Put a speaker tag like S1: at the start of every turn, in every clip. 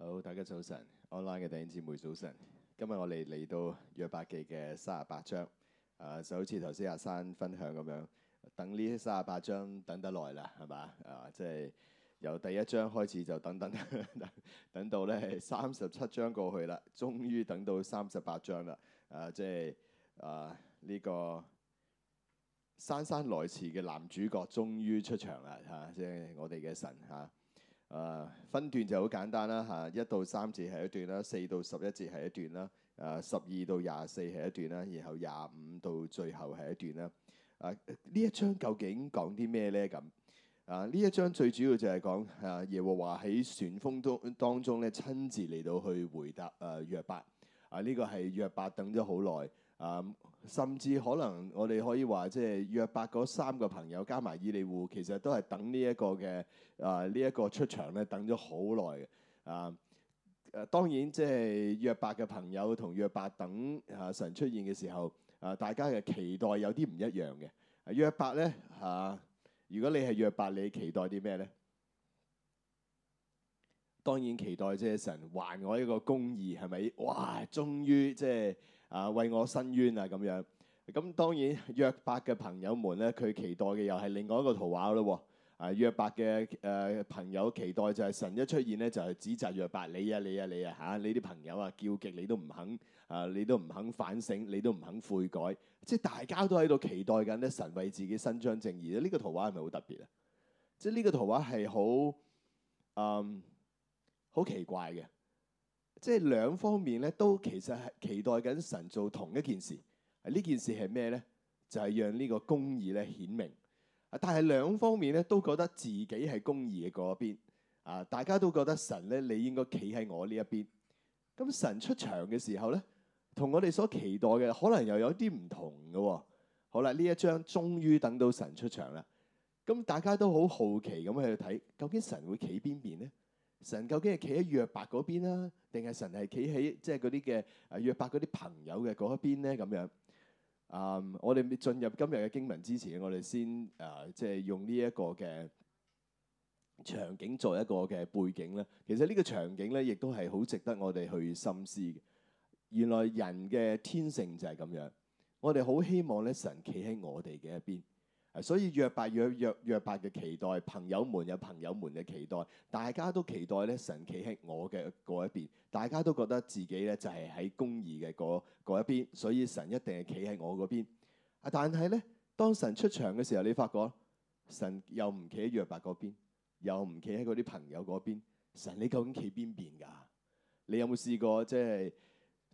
S1: 好，大家早晨，online 嘅弟兄姊妹早晨。今日我哋嚟到約伯記嘅三十八章，啊就好似頭先阿珊分享咁樣，等呢三十八章等得耐啦，係嘛？啊，即係由第一章開始就等等等，等到咧三十七章過去啦，終於等到三十八章啦。啊，即係啊呢、這個姍姍來遲嘅男主角終於出場啦，嚇、啊！即係我哋嘅神嚇。啊誒、啊、分段就好簡單啦嚇、啊，一到三節係一段啦，四到十一節係一段啦，誒、啊、十二到廿四係一段啦，然後廿五到最後係一段啦。啊，呢一章究竟講啲咩咧？咁啊，呢一章最主要就係講啊耶和華喺旋風中當中咧親自嚟到去回答誒約伯。啊，呢、啊這個係約伯等咗好耐。啊、甚至可能我哋可以話，即係約伯嗰三個朋友加埋伊利戶，其實都係等呢一個嘅啊，呢、這、一個出場咧，等咗好耐嘅啊。誒，當然即係約伯嘅朋友同約伯等啊神出現嘅時候，啊大家嘅期待有啲唔一樣嘅。約、啊、伯呢，嚇、啊，如果你係約伯，你期待啲咩呢？當然期待即係神還我一個公義，係咪？哇！終於即、就、係、是、～啊，為我申冤啊！咁樣咁當然約伯嘅朋友們咧，佢期待嘅又係另外一個圖畫咯喎！啊，約伯嘅誒朋友期待就係神一出現咧，就係指責約伯你啊你啊你啊嚇！呢啲、啊、朋友啊叫極你都唔肯啊，你都唔肯反省，你都唔肯悔改，即係大家都喺度期待緊咧，神為自己伸張正義。呢、呢個圖畫係咪好特別啊？即係呢個圖畫係好誒好奇怪嘅。即係兩方面咧，都其實係期待緊神做同一件事。呢件事係咩呢？就係、是、讓呢個公義咧顯明。啊，但係兩方面咧都覺得自己係公義嘅嗰邊。啊，大家都覺得神咧你應該企喺我呢一邊。咁、嗯、神出場嘅時候咧，同我哋所期待嘅可能又有啲唔同嘅、哦。好啦，呢一章終於等到神出場啦。咁、嗯、大家都好好奇咁去睇，究竟神會企邊邊呢？神究竟係企喺約伯嗰邊啦，定係神係企喺即係啲嘅約伯嗰啲朋友嘅嗰一邊咧咁樣？嗯、um，我哋進入今日嘅經文之前，我哋先啊，即、uh, 係用呢一個嘅場景作一個嘅背景咧。其實呢個場景咧，亦都係好值得我哋去深思。原來人嘅天性就係咁樣，我哋好希望咧神企喺我哋嘅一邊。所以約伯約約約伯嘅期待，朋友們有朋友們嘅期待，大家都期待咧神企喺我嘅嗰一邊，大家都覺得自己咧就係喺公義嘅嗰一邊，所以神一定係企喺我嗰邊。啊，但係咧當神出場嘅時候，你發覺神又唔企喺約伯嗰邊，又唔企喺嗰啲朋友嗰邊，神你究竟企邊邊噶？你有冇試過即係、就是、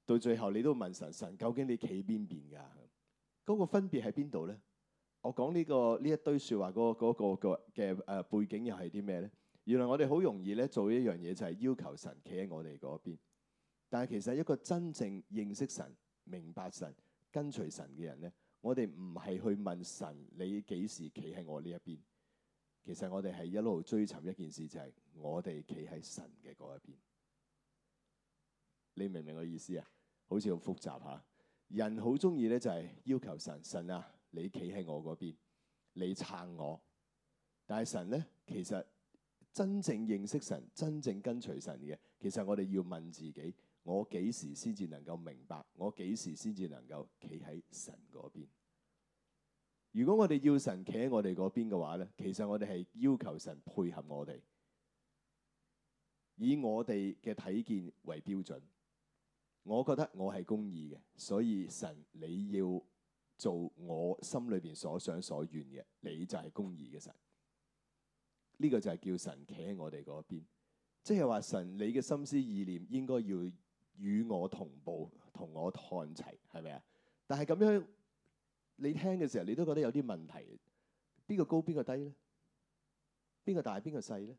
S1: 到最後你都問神，神究竟你企邊邊噶？嗰、那個分別喺邊度咧？我講呢、呢個呢一堆說話嗰嗰、嗰個，嗰個嘅誒、嗰個啊、背景又係啲咩呢？原來我哋好容易咧做一樣嘢，就係要求神企喺我哋嗰邊。但係其實一個真正認識神、明白神、跟隨神嘅人呢，我哋唔係去問神你幾時企喺我呢一邊。其實我哋係一路追尋一件事，就係我哋企喺神嘅嗰一邊。你明唔明我意思啊？好似好複雜吓。人好中意咧就係要求神，神啊！你企喺我嗰邊，你撐我，但係神咧，其實真正認識神、真正跟隨神嘅，其實我哋要問自己：我幾時先至能夠明白？我幾時先至能夠企喺神嗰邊？如果我哋要神企喺我哋嗰邊嘅話咧，其實我哋係要求神配合我哋，以我哋嘅睇見為標準。我覺得我係公義嘅，所以神你要做我心裏邊所想所願嘅，你就係公義嘅神。呢個就係叫神企喺我哋嗰邊，即係話神你嘅心思意念應該要與我同步，同我看齊，係咪啊？但係咁樣你聽嘅時候，你都覺得有啲問題，邊個高邊個低咧？邊個大邊個細咧？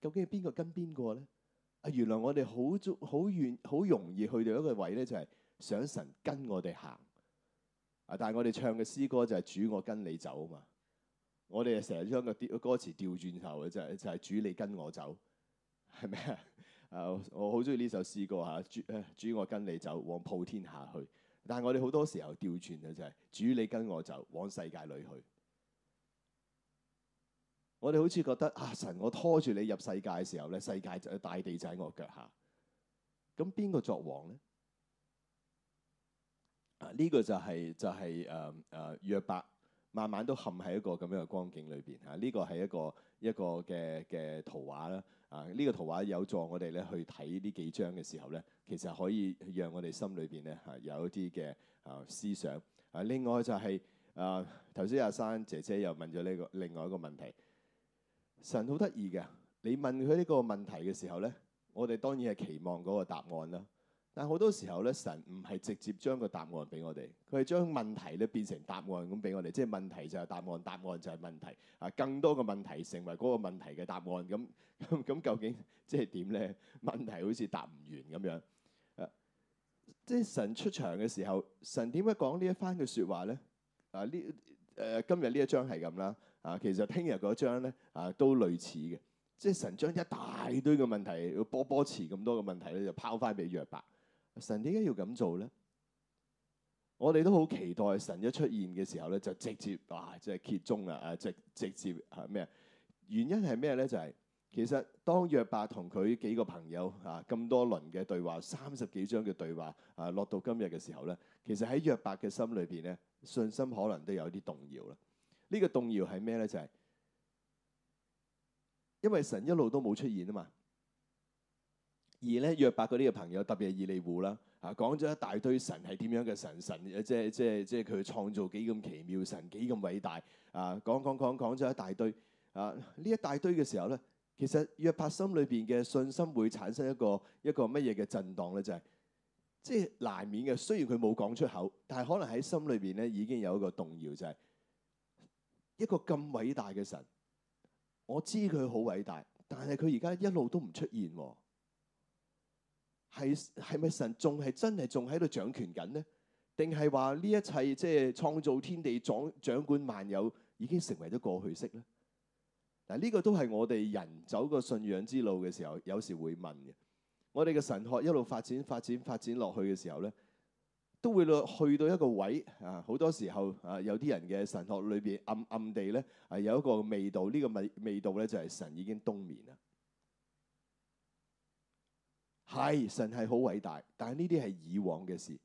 S1: 究竟係邊個跟邊個咧？啊，原來我哋好足好願好容易去到一個位咧，就係想神跟我哋行。啊！但係我哋唱嘅詩歌就係、是、主我跟你走嘛，我哋啊成日將個歌詞調轉頭嘅就係就係主你跟我走，係咪啊？啊！ 我好中意呢首詩歌嚇，主誒主我跟你走往普天下去。但係我哋好多時候調轉嘅就係、是、主你跟我走往世界裏去。我哋好似覺得啊，神我拖住你入世界嘅時候咧，世界就大地就喺我腳下，咁邊個作王咧？啊！呢個就係、是、就係誒誒，約伯慢慢都陷喺一個咁樣嘅光景裏邊嚇。呢個係一個一個嘅嘅圖畫啦。啊，呢、這個個，個，啊這個圖畫有助我哋咧去睇呢幾章嘅時候咧，其實可以讓我哋心裏邊咧嚇有一啲嘅啊思想。啊，另外就係、是、啊，頭先阿珊姐姐又問咗呢、這個另外一個問題。神好得意嘅，你問佢呢個問題嘅時候咧，我哋當然係期望嗰個答案啦。但好多時候咧，神唔係直接將個答案俾我哋，佢係將問題咧變成答案咁俾我哋，即係問題就係答案，答案就係問題。啊，更多嘅問題成為嗰個問題嘅答案。咁咁究竟即係點咧？問題好似答唔完咁樣。誒、啊，即係神出場嘅時候，神點解講呢一番嘅説話咧？啊，呢誒、呃、今日呢一章係咁啦。啊，其實聽日嗰章咧啊都類似嘅。即係神將一大堆嘅問題，波波池咁多嘅問題咧，就拋翻俾約伯。神點解要咁做咧？我哋都好期待神一出現嘅時候咧，就直接哇，即係揭盅啊！啊，即係直接係咩？原因係咩咧？就係其實當約伯同佢幾個朋友啊咁多輪嘅對話，三十幾章嘅對話啊落到今日嘅時候咧，其實喺約伯嘅心裏邊咧，信心可能都有啲動搖啦。呢個動搖係咩咧？就係因為神一路都冇出現啊嘛。而咧，約伯嗰啲嘅朋友，特別係以利戶啦，啊講咗一大堆神係點樣嘅神，神即係即係即係佢創造幾咁奇妙，神幾咁偉大，啊講講講講咗一大堆，啊呢一大堆嘅時候咧，其實約伯心裏邊嘅信心會產生一個一個乜嘢嘅震盪咧，就係即係難免嘅。雖然佢冇講出口，但係可能喺心裏邊咧已經有一個動搖，就係一個咁偉大嘅神，我知佢好偉大，但係佢而家一路都唔出現喎。係係咪神仲係真係仲喺度掌權緊呢？定係話呢一切即係創造天地、掌掌管萬有，已經成為咗過去式呢？嗱，呢個都係我哋人走個信仰之路嘅時候，有時會問嘅。我哋嘅神學一路發展、發展、發展落去嘅時候呢，都會去到一個位啊。好多時候啊，有啲人嘅神學裏邊暗暗地呢，係、啊、有一個味道，呢、這個味味道呢，就係、是、神已經冬眠啦。係神係好偉大，但係呢啲係以往嘅事。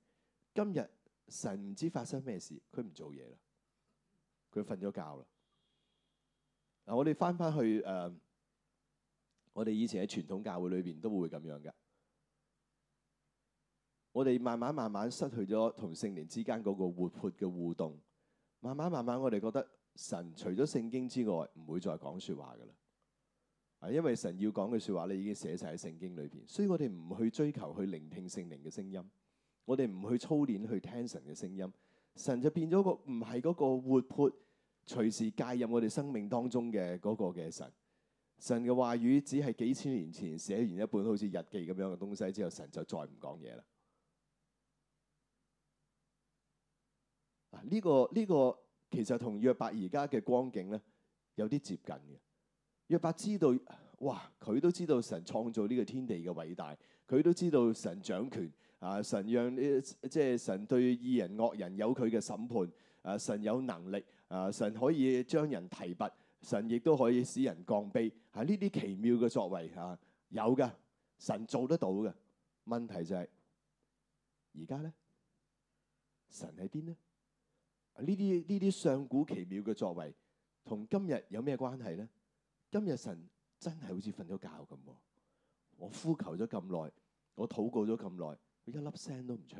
S1: 今日神唔知發生咩事，佢唔做嘢啦，佢瞓咗覺啦。嗱、啊，我哋翻翻去誒、呃，我哋以前喺傳統教會裏邊都會咁樣噶。我哋慢慢慢慢失去咗同聖靈之間嗰個活潑嘅互動，慢慢慢慢我哋覺得神除咗聖經之外唔會再講說話噶啦。因為神要講嘅説話咧，已經寫晒喺聖經裏邊，所以我哋唔去追求去聆聽聖靈嘅聲音，我哋唔去操練去聽神嘅聲音，神就變咗個唔係嗰個活潑隨時介入我哋生命當中嘅嗰個嘅神。神嘅話語只係幾千年前寫完一本好似日記咁樣嘅東西之後，神就再唔講嘢啦。啊！呢個呢個其實同約伯而家嘅光景咧有啲接近嘅。約伯知道，哇！佢都知道神創造呢個天地嘅偉大，佢都知道神掌權啊。神讓，即係神對義人惡人有佢嘅審判啊。神有能力啊，神可以將人提拔，神亦都可以使人降卑啊。呢啲奇妙嘅作為啊，有㗎，神做得到嘅。問題就係，而家咧，神喺邊咧？呢啲呢啲上古奇妙嘅作為，同今日有咩關係咧？今日神真係好似瞓咗覺咁喎。我呼求咗咁耐，我禱告咗咁耐，佢一粒聲都唔出。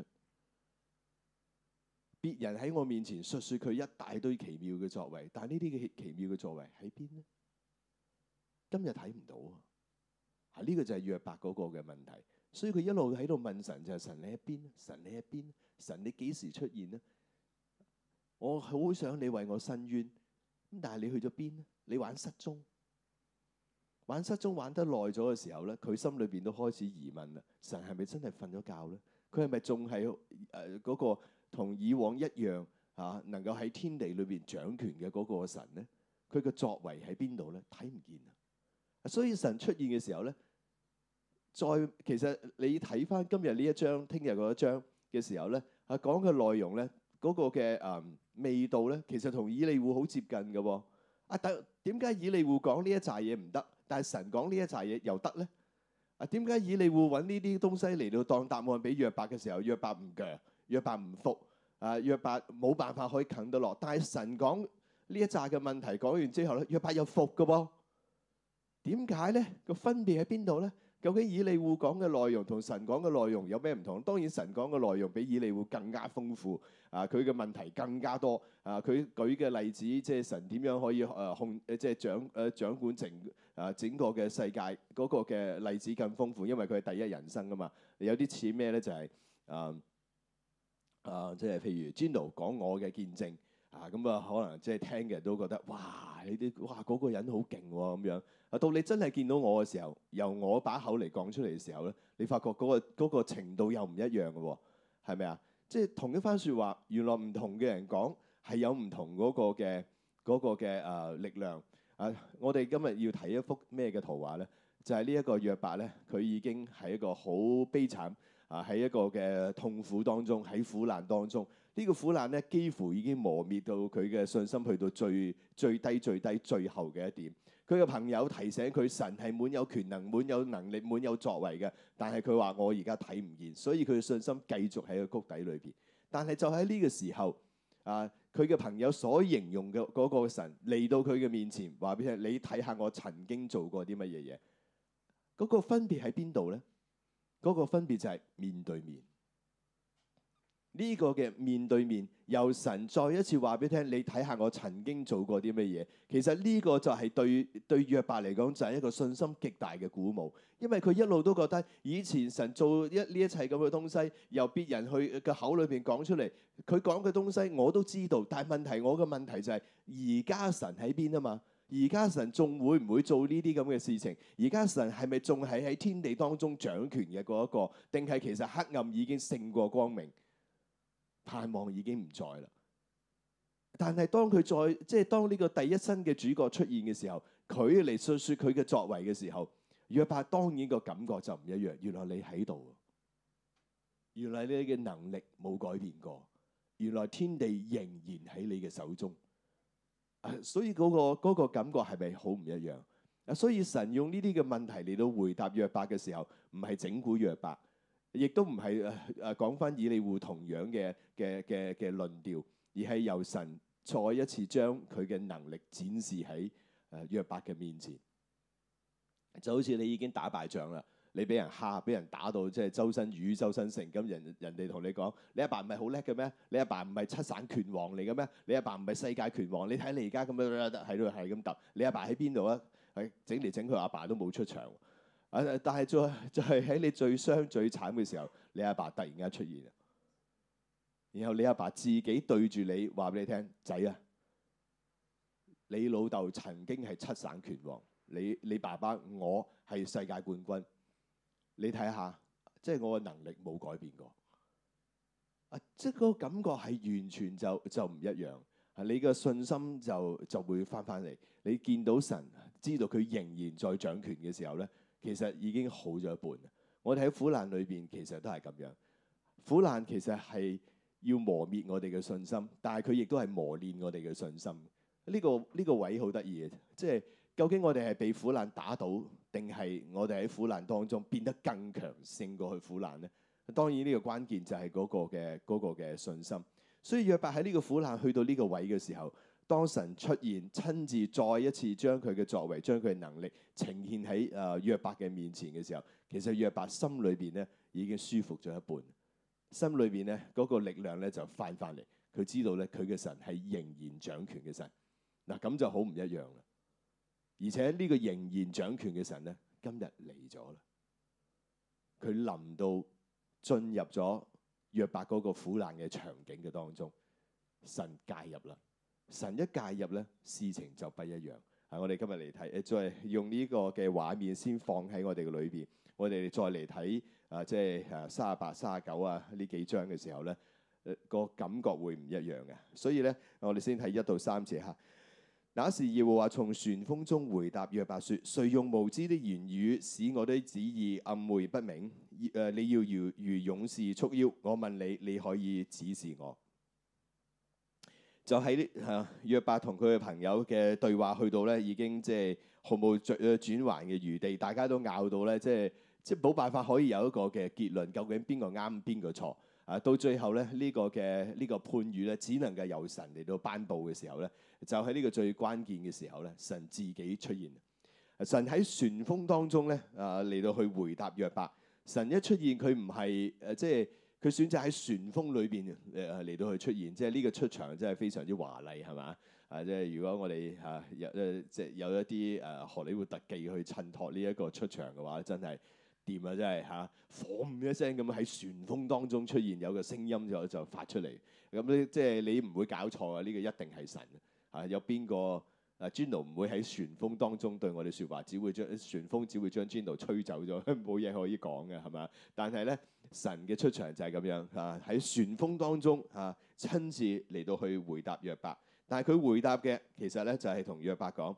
S1: 別人喺我面前述説佢一大堆奇妙嘅作為，但係呢啲嘅奇妙嘅作為喺邊呢？今日睇唔到啊！呢、這個就係約伯嗰個嘅問題，所以佢一路喺度問神就係、是：神你喺邊？神你喺邊？神你幾時出現呢？我好想你為我伸冤，咁但係你去咗邊呢？你玩失蹤？玩失蹤玩得耐咗嘅時候咧，佢心裏邊都開始疑問啦：神係咪真係瞓咗覺咧？佢係咪仲係誒嗰個同以往一樣啊？能夠喺天地裏邊掌權嘅嗰個神咧？佢嘅作為喺邊度咧？睇唔見啊！所以神出現嘅時候咧，再其實你睇翻今日呢一章，聽日嗰一章嘅時候咧，啊講嘅內容咧，嗰、嗰個嘅啊、嗯、味道咧，其實同以利戶好接近嘅喎、啊。啊，但點解以利戶講呢一紮嘢唔得？但係神講呢一紮嘢，又得咧？啊，點解以利戶會揾呢啲東西嚟到當答案俾約伯嘅時候，約伯唔鋸，約伯唔服，啊，約伯冇辦法可以啃到落。但係神講呢一紮嘅問題講完之後咧，約伯又服嘅噃，點解咧？個分別喺邊度咧？究竟以利戶講嘅內容同神講嘅內容有咩唔同？當然神講嘅內容比以利戶更加豐富，啊佢嘅問題更加多，啊佢舉嘅例子即係神點樣可以誒、啊、控即係掌誒、啊、掌管整啊整個嘅世界嗰、那個嘅例子更豐富，因為佢係第一人生㗎嘛。有啲似咩咧？就係、是、啊啊，即係譬如 Janel 講我嘅見證啊，咁啊可能即係聽嘅人都覺得哇！你啲哇嗰個人好勁喎咁樣，到你真係見到我嘅時候，由我把口嚟講出嚟嘅時候咧，你發覺嗰個嗰個程度又唔一樣嘅喎，係咪啊？即係同一番説話，原來唔同嘅人講係有唔同嗰個嘅嗰個嘅誒力量啊！我哋今日要睇一幅咩嘅圖畫咧，就係呢一個約伯咧，佢已經喺一個好悲慘啊，喺一個嘅痛苦當中，喺苦難當中。呢個苦難咧，幾乎已經磨滅到佢嘅信心去到最最低最低最後嘅一點。佢嘅朋友提醒佢，神係滿有權能、滿有能力、滿有作為嘅。但係佢話：我而家睇唔見，所以佢嘅信心繼續喺個谷底裏邊。但係就喺呢個時候，啊，佢嘅朋友所形容嘅嗰個神嚟到佢嘅面前，話俾佢聽：你睇下我曾經做過啲乜嘢嘢。嗰個分別喺邊度咧？嗰個分別就係面對面。呢個嘅面對面，由神再一次話俾你聽，你睇下我曾經做過啲乜嘢。其實呢個就係對對約伯嚟講，就係一個信心極大嘅鼓舞，因為佢一路都覺得以前神做一呢一切咁嘅東西，由別人去嘅口裏邊講出嚟，佢講嘅東西我都知道。但係問題，我嘅問題就係而家神喺邊啊嘛？而家神仲會唔會做呢啲咁嘅事情？而家神係咪仲係喺天地當中掌權嘅嗰一個？定係其實黑暗已經勝過光明？盼望已經唔在啦，但係當佢再即係當呢個第一身嘅主角出現嘅時候，佢嚟訴說佢嘅作為嘅時候，約伯當然個感覺就唔一樣。原來你喺度，原來你嘅能力冇改變過，原來天地仍然喺你嘅手中。所以嗰、嗰個嗰個感覺係咪好唔一樣？啊，所以神用呢啲嘅問題嚟到回答約伯嘅時候，唔係整蠱約伯。亦都唔係誒誒講翻以利戶同樣嘅嘅嘅嘅論調，而係由神再一次將佢嘅能力展示喺誒約伯嘅面前。就好似你已經打敗仗啦，你俾人嚇，俾人打到即係周身瘀、周身成，咁人人哋同你講：你阿爸唔係好叻嘅咩？你阿爸唔係七省拳王嚟嘅咩？你阿爸唔係世界拳王？你睇你而家咁樣喺度係咁揼，你阿爸喺邊度啊？係整嚟整去，阿爸都冇出場。但係，就就係喺你最傷最慘嘅時候，你阿爸突然間出現，然後你阿爸自己對住你話俾你聽：仔啊，你老豆曾經係七省拳王，你你爸爸我係世界冠軍。你睇下，即係我嘅能力冇改變過啊！即係嗰個感覺係完全就就唔一樣。你嘅信心就就會翻翻嚟。你見到神，知道佢仍然在掌權嘅時候咧。其實已經好咗一半。我哋喺苦難裏邊，其實都係咁樣。苦難其實係要磨滅我哋嘅信心，但係佢亦都係磨練我哋嘅信心。呢個呢個位好得意嘅，即係究竟我哋係被苦難打倒，定係我哋喺苦難當中變得更強，勝過去苦難呢？當然呢個關鍵就係嗰個嘅嗰個嘅信心。所以約伯喺呢個苦難去到呢個位嘅時候。當神出現，親自再一次將佢嘅作為、將佢嘅能力呈現喺誒約伯嘅面前嘅時候，其實約伯心裏邊咧已經舒服咗一半，心裏邊咧嗰個力量咧就快返嚟。佢知道咧，佢嘅神係仍然掌權嘅神。嗱，咁就好唔一樣啦。而且呢個仍然掌權嘅神咧，今日嚟咗啦。佢臨到進入咗約伯嗰個苦難嘅場景嘅當中，神介入啦。神一介入咧，事情就不一樣。啊！我哋今日嚟睇，再用呢個嘅畫面先放喺我哋嘅裏邊，我哋再嚟睇、呃、啊，即係啊三十八、三十九啊呢幾章嘅時候咧，個、呃、感覺會唔一樣嘅。所以咧，我哋先睇一到三節哈。那時耶和華從旋風中回答約伯說：誰用無知的言語使我的旨意暗昧不明？誒、呃，你要如如勇士束腰，我問你，你可以指示我？就喺啊約伯同佢嘅朋友嘅對話去到咧，已經即係毫無轉還嘅餘地，大家都拗到咧、就是，即係即係冇辦法可以有一個嘅結論，究竟邊個啱邊個錯啊？到最後咧，呢、這個嘅呢、這個判語咧，只能夠由神嚟到頒布嘅時候咧，就喺呢個最關鍵嘅時候咧，神自己出現、啊。神喺旋風當中咧啊嚟到去回答約伯。神一出現，佢唔係誒即係。佢選擇喺旋風裏邊誒嚟到去出現，即係呢個出場真係非常之華麗，係嘛？啊，即係如果我哋嚇、啊、有即係有一啲誒荷里活特技去襯托呢一個出場嘅話，真係掂啊！真係嚇 boom 一聲咁喺旋風當中出現，有個聲音就就發出嚟，咁、啊、咧即係你唔會搞錯啊！呢、呢個一定係神啊！有邊個？啊，n o 唔會喺旋風當中對我哋說話，只會將旋風只會將 n o 吹走咗，冇嘢可以講嘅，係嘛？但係咧，神嘅出場就係咁樣，吓喺旋風當中，吓、啊、親自嚟到去回答約伯。但係佢回答嘅，其實咧就係同約伯講，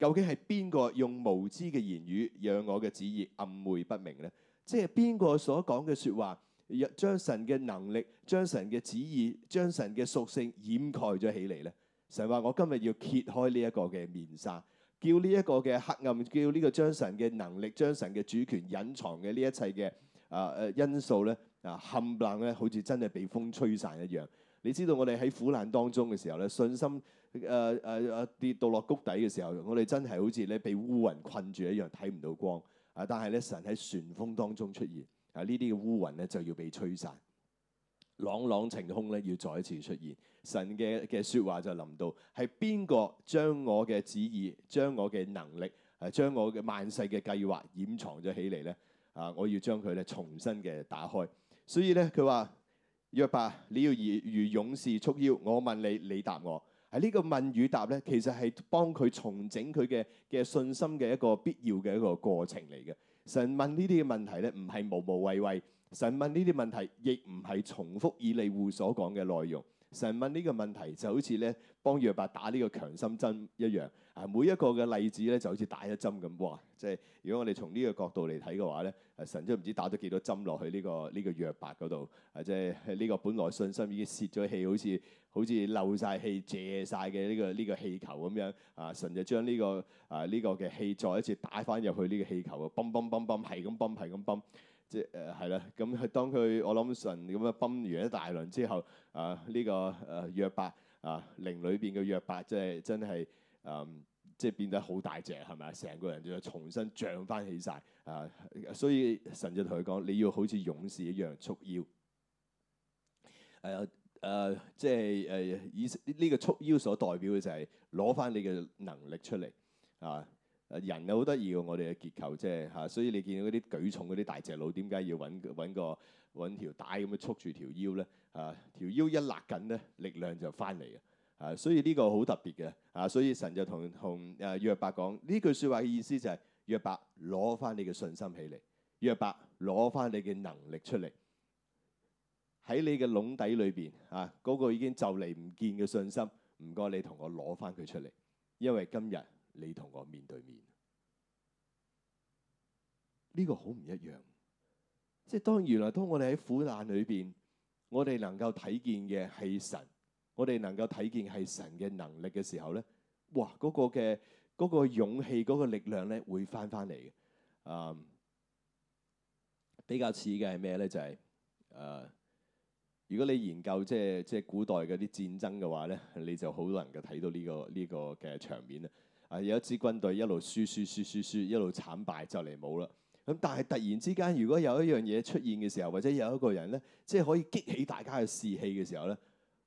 S1: 究竟係邊個用無知嘅言語，讓我嘅旨意暗昧不明咧？即係邊個所講嘅說話，將神嘅能力、將神嘅旨意、將神嘅屬性掩蓋咗起嚟咧？就係話我今日要揭開呢一個嘅面紗，叫呢一個嘅黑暗，叫呢個將神嘅能力、將神嘅主權隱藏嘅呢一切嘅啊、誒、因素咧，啊，冚唪唥咧，好似真係被風吹散一樣。你知道我哋喺苦難當中嘅時候咧，信心誒、誒一跌到落谷底嘅時候，我哋真係好似咧被烏雲困住一樣，睇唔到光。啊！但係咧神喺旋風當中出現，啊呢啲嘅烏雲咧就要被吹散。朗朗晴空咧，要再一次出現。神嘅嘅説話就臨到，係邊個將我嘅旨意、將我嘅能力、係、啊、將我嘅萬世嘅計劃掩藏咗起嚟咧？啊，我要將佢咧重新嘅打開。所以咧，佢話：約伯，你要如，如勇士束腰。我問你，你答我。喺、啊、呢、這個問與答咧，其實係幫佢重整佢嘅嘅信心嘅一個必要嘅一個過程嚟嘅。神問呢啲嘅問題咧，唔係無無謂謂。神問呢啲問題，亦唔係重複以利戶所講嘅內容。神問呢個問題，就好似咧幫約伯打呢個強心針一樣。啊，每一個嘅例子咧，就好似打一針咁。哇，即係如果我哋從呢個角度嚟睇嘅話咧，神都唔知打咗幾多針落去呢個呢個約伯嗰度。啊，即係呢個本來信心已經洩咗氣，好似好似漏晒氣、借晒嘅呢個呢個氣球咁樣。啊，神就將呢個啊呢個嘅氣再一次打翻入去呢個氣球啊，嘣嘣嘣嘣，係咁嘣，係咁嘣。即係誒係啦，咁、呃、係當佢我諗神咁樣泵完一大輪之後，啊、呃、呢、這個誒約伯啊靈裏邊嘅約伯，呃、約伯即係真係誒、呃、即係變得好大隻係咪啊？成個人就重新漲翻起晒。啊、呃！所以神就同佢講：你要好似勇士一樣束腰。誒、呃、誒、呃，即係誒、呃、以呢個束腰所代表嘅就係攞翻你嘅能力出嚟啊！呃人又好得意喎！我哋嘅結構啫。係、啊、所以你見到嗰啲舉重嗰啲大隻佬，點解要揾揾個揾條帶咁樣束住條腰咧？嚇、啊，條腰一勒緊咧，力量就翻嚟嘅嚇。所以呢個好特別嘅嚇、啊，所以神就同同誒約伯講呢句説話嘅意思就係、是：約伯攞翻你嘅信心起嚟，約伯攞翻你嘅能力出嚟，喺你嘅籠底裏邊嚇，嗰、啊那個已經就嚟唔見嘅信心，唔該你同我攞翻佢出嚟，因為今日，你同我面對面呢個好唔一樣，即係當原來當我哋喺苦難裏邊，我哋能夠睇見嘅係神，我哋能夠睇見係神嘅能力嘅時候咧，哇！嗰個嘅嗰個勇氣、嗰個力量咧，會翻翻嚟嘅啊。比較似嘅係咩咧？就係誒，嗯，如果你研究即係即係古代嗰啲戰爭嘅話咧，你就好能夠睇到呢個呢個嘅場面啦。啊！有一支軍隊一路輸輸輸輸輸，一路慘敗就嚟冇啦。咁但係突然之間，如果有一樣嘢出現嘅時候，或者有一個人咧，即係可以激起大家嘅士氣嘅時候咧，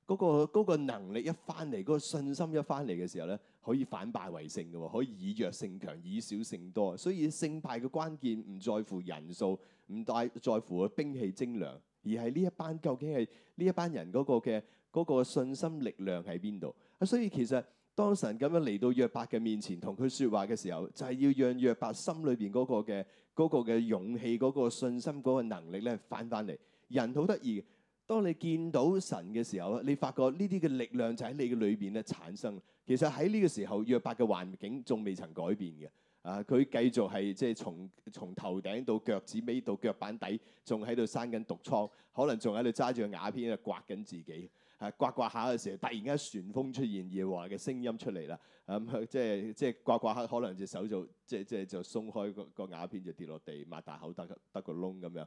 S1: 嗰個嗰個能力一翻嚟，嗰個信心一翻嚟嘅時候咧，可以反敗為勝嘅喎，可以以弱勝強，以少勝多。所以勝敗嘅關鍵唔在乎人數，唔大在乎兵器精良，而係呢一班究竟係呢一班人嗰個嘅嗰個信心力量喺邊度啊！所以其實。當神咁樣嚟到約伯嘅面前同佢說話嘅時候，就係要讓約伯心裏邊嗰個嘅嗰個嘅勇氣、嗰個信心、嗰個能力咧翻翻嚟。人好得意，當你見到神嘅時候啊，你發覺呢啲嘅力量就喺你嘅裏邊咧產生。其實喺呢個時候，約伯嘅環境仲未曾改變嘅，啊，佢繼續係即係從從頭頂到腳趾尾到腳板底，仲喺度生緊毒瘡，可能仲喺度揸住個瓦片喺度刮緊自己。係刮刮下嘅時候，突然間旋風出現，耶和華嘅聲音出嚟啦。咁、嗯、即係即係刮刮下，可能隻手就即即就鬆開個個瓦片就跌落地，擘大口得，得個得個窿咁樣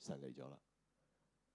S1: 神嚟咗啦。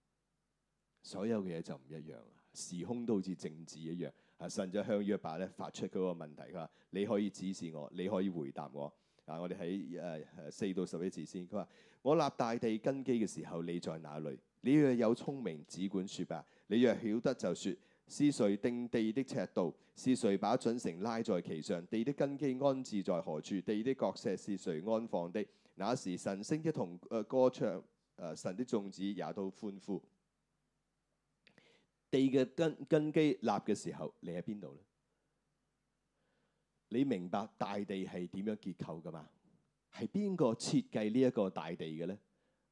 S1: 所有嘅嘢就唔一樣啦，時空都好似靜止一樣。係神咗向約伯咧發出嗰個問題，佢話：你可以指示我，你可以回答我。啊，我哋喺誒四到十一字先。佢話：我立大地根基嘅時候，你在哪裏？你要有聰明，只管説吧。」你若曉得就說，就説是誰定地的尺度，是誰把準繩拉在其上？地的根基安置在何處？地的角石是誰安放的？那時晨星一同歌唱，呃、神的眾子也都歡呼。地嘅根根基立嘅時候，你喺邊度呢？你明白大地係點樣結構嘅嘛？係邊個設計呢一個大地嘅呢？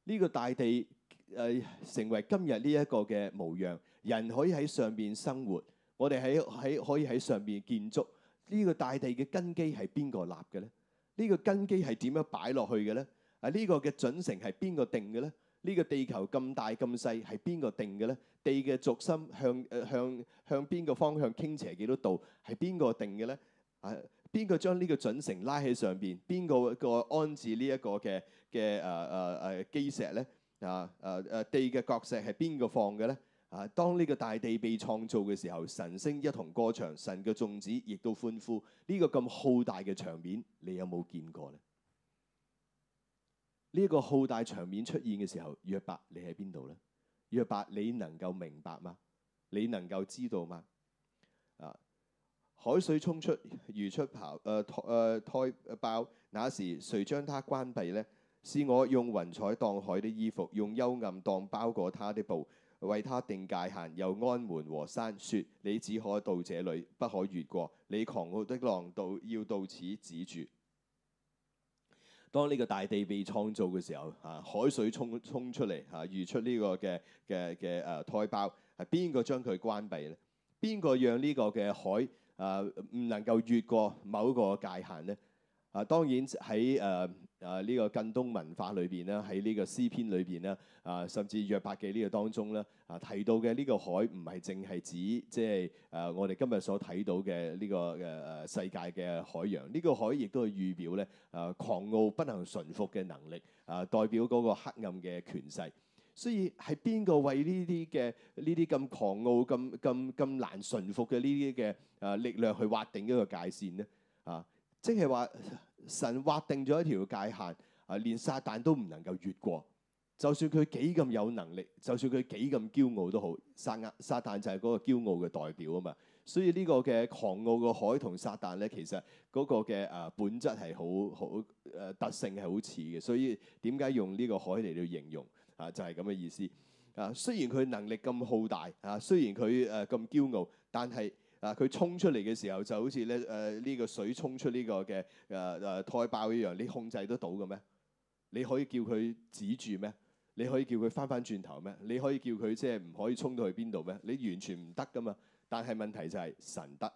S1: 呢、這個大地。誒，成為今日呢一個嘅模樣，人可以喺上邊生活，我哋喺喺可以喺上邊建築，呢個大地嘅根基係邊個立嘅咧？呢個根基係點樣擺落去嘅咧？啊，呢個嘅準繩係邊個定嘅咧？呢個地球咁大咁細係邊個定嘅咧？地嘅軸心向誒向向邊個方向傾斜幾多度係邊個定嘅咧？啊，邊個將呢個準繩拉喺上邊？邊個個安置呢一個嘅嘅誒誒誒基石咧？啊！誒、啊、誒、啊、地嘅角石係邊個放嘅咧？啊！當呢個大地被創造嘅時候，晨星一同歌唱，神嘅眾子亦都歡呼。呢、這個咁浩大嘅場面，你有冇見過咧？呢、這、一個浩大場面出現嘅時候，約伯你喺邊度咧？約伯你能夠明白嗎？你能夠知道嗎？啊！海水沖出，如出刨，誒誒胎胞，那、呃、時誰將它關閉咧？是我用雲彩當海的衣服，用幽暗當包裹他的布，為他定界限，又安門和山，說：你只可到這裡，不可越過。你狂傲的浪盪要到此止住。當呢個大地被創造嘅時候，嚇、啊、海水沖沖出嚟，嚇、啊、如出呢個嘅嘅嘅誒胎胞，係邊個將佢關閉咧？邊個讓呢個嘅海誒唔能夠越過某一個界限咧？啊，當然喺誒。啊啊！呢、這個近東文化裏邊咧，喺呢個詩篇裏邊咧，啊，甚至約伯記呢個當中咧，啊提到嘅呢個海唔係淨係指即係誒、啊、我哋今日所睇到嘅呢、這個誒誒、啊、世界嘅海洋。呢、這個海亦都係預表咧誒、啊、狂傲不能順服嘅能力，啊代表嗰個黑暗嘅權勢。所以係邊個為呢啲嘅呢啲咁狂傲、咁咁咁難順服嘅呢啲嘅誒力量去劃定一個界線咧？啊，即係話。神劃定咗一條界限，啊，連撒但都唔能夠越過。就算佢幾咁有能力，就算佢幾咁驕傲都好，撒亞撒但就係嗰個驕傲嘅代表啊嘛。所以個呢個嘅狂傲嘅海同撒但咧，其實嗰個嘅啊本質係好好誒特性係好似嘅。所以點解用呢個海嚟到形容啊？就係咁嘅意思。啊，雖然佢能力咁浩大啊，雖然佢誒咁驕傲，但係，啊！佢衝出嚟嘅時候就好似咧誒呢個水衝出呢個嘅誒誒胎胞一樣，你控制得到嘅咩？你可以叫佢止住咩？你可以叫佢返返轉頭咩？你可以叫佢即係唔可以衝到去邊度咩？你完全唔得噶嘛。但係問題就係神得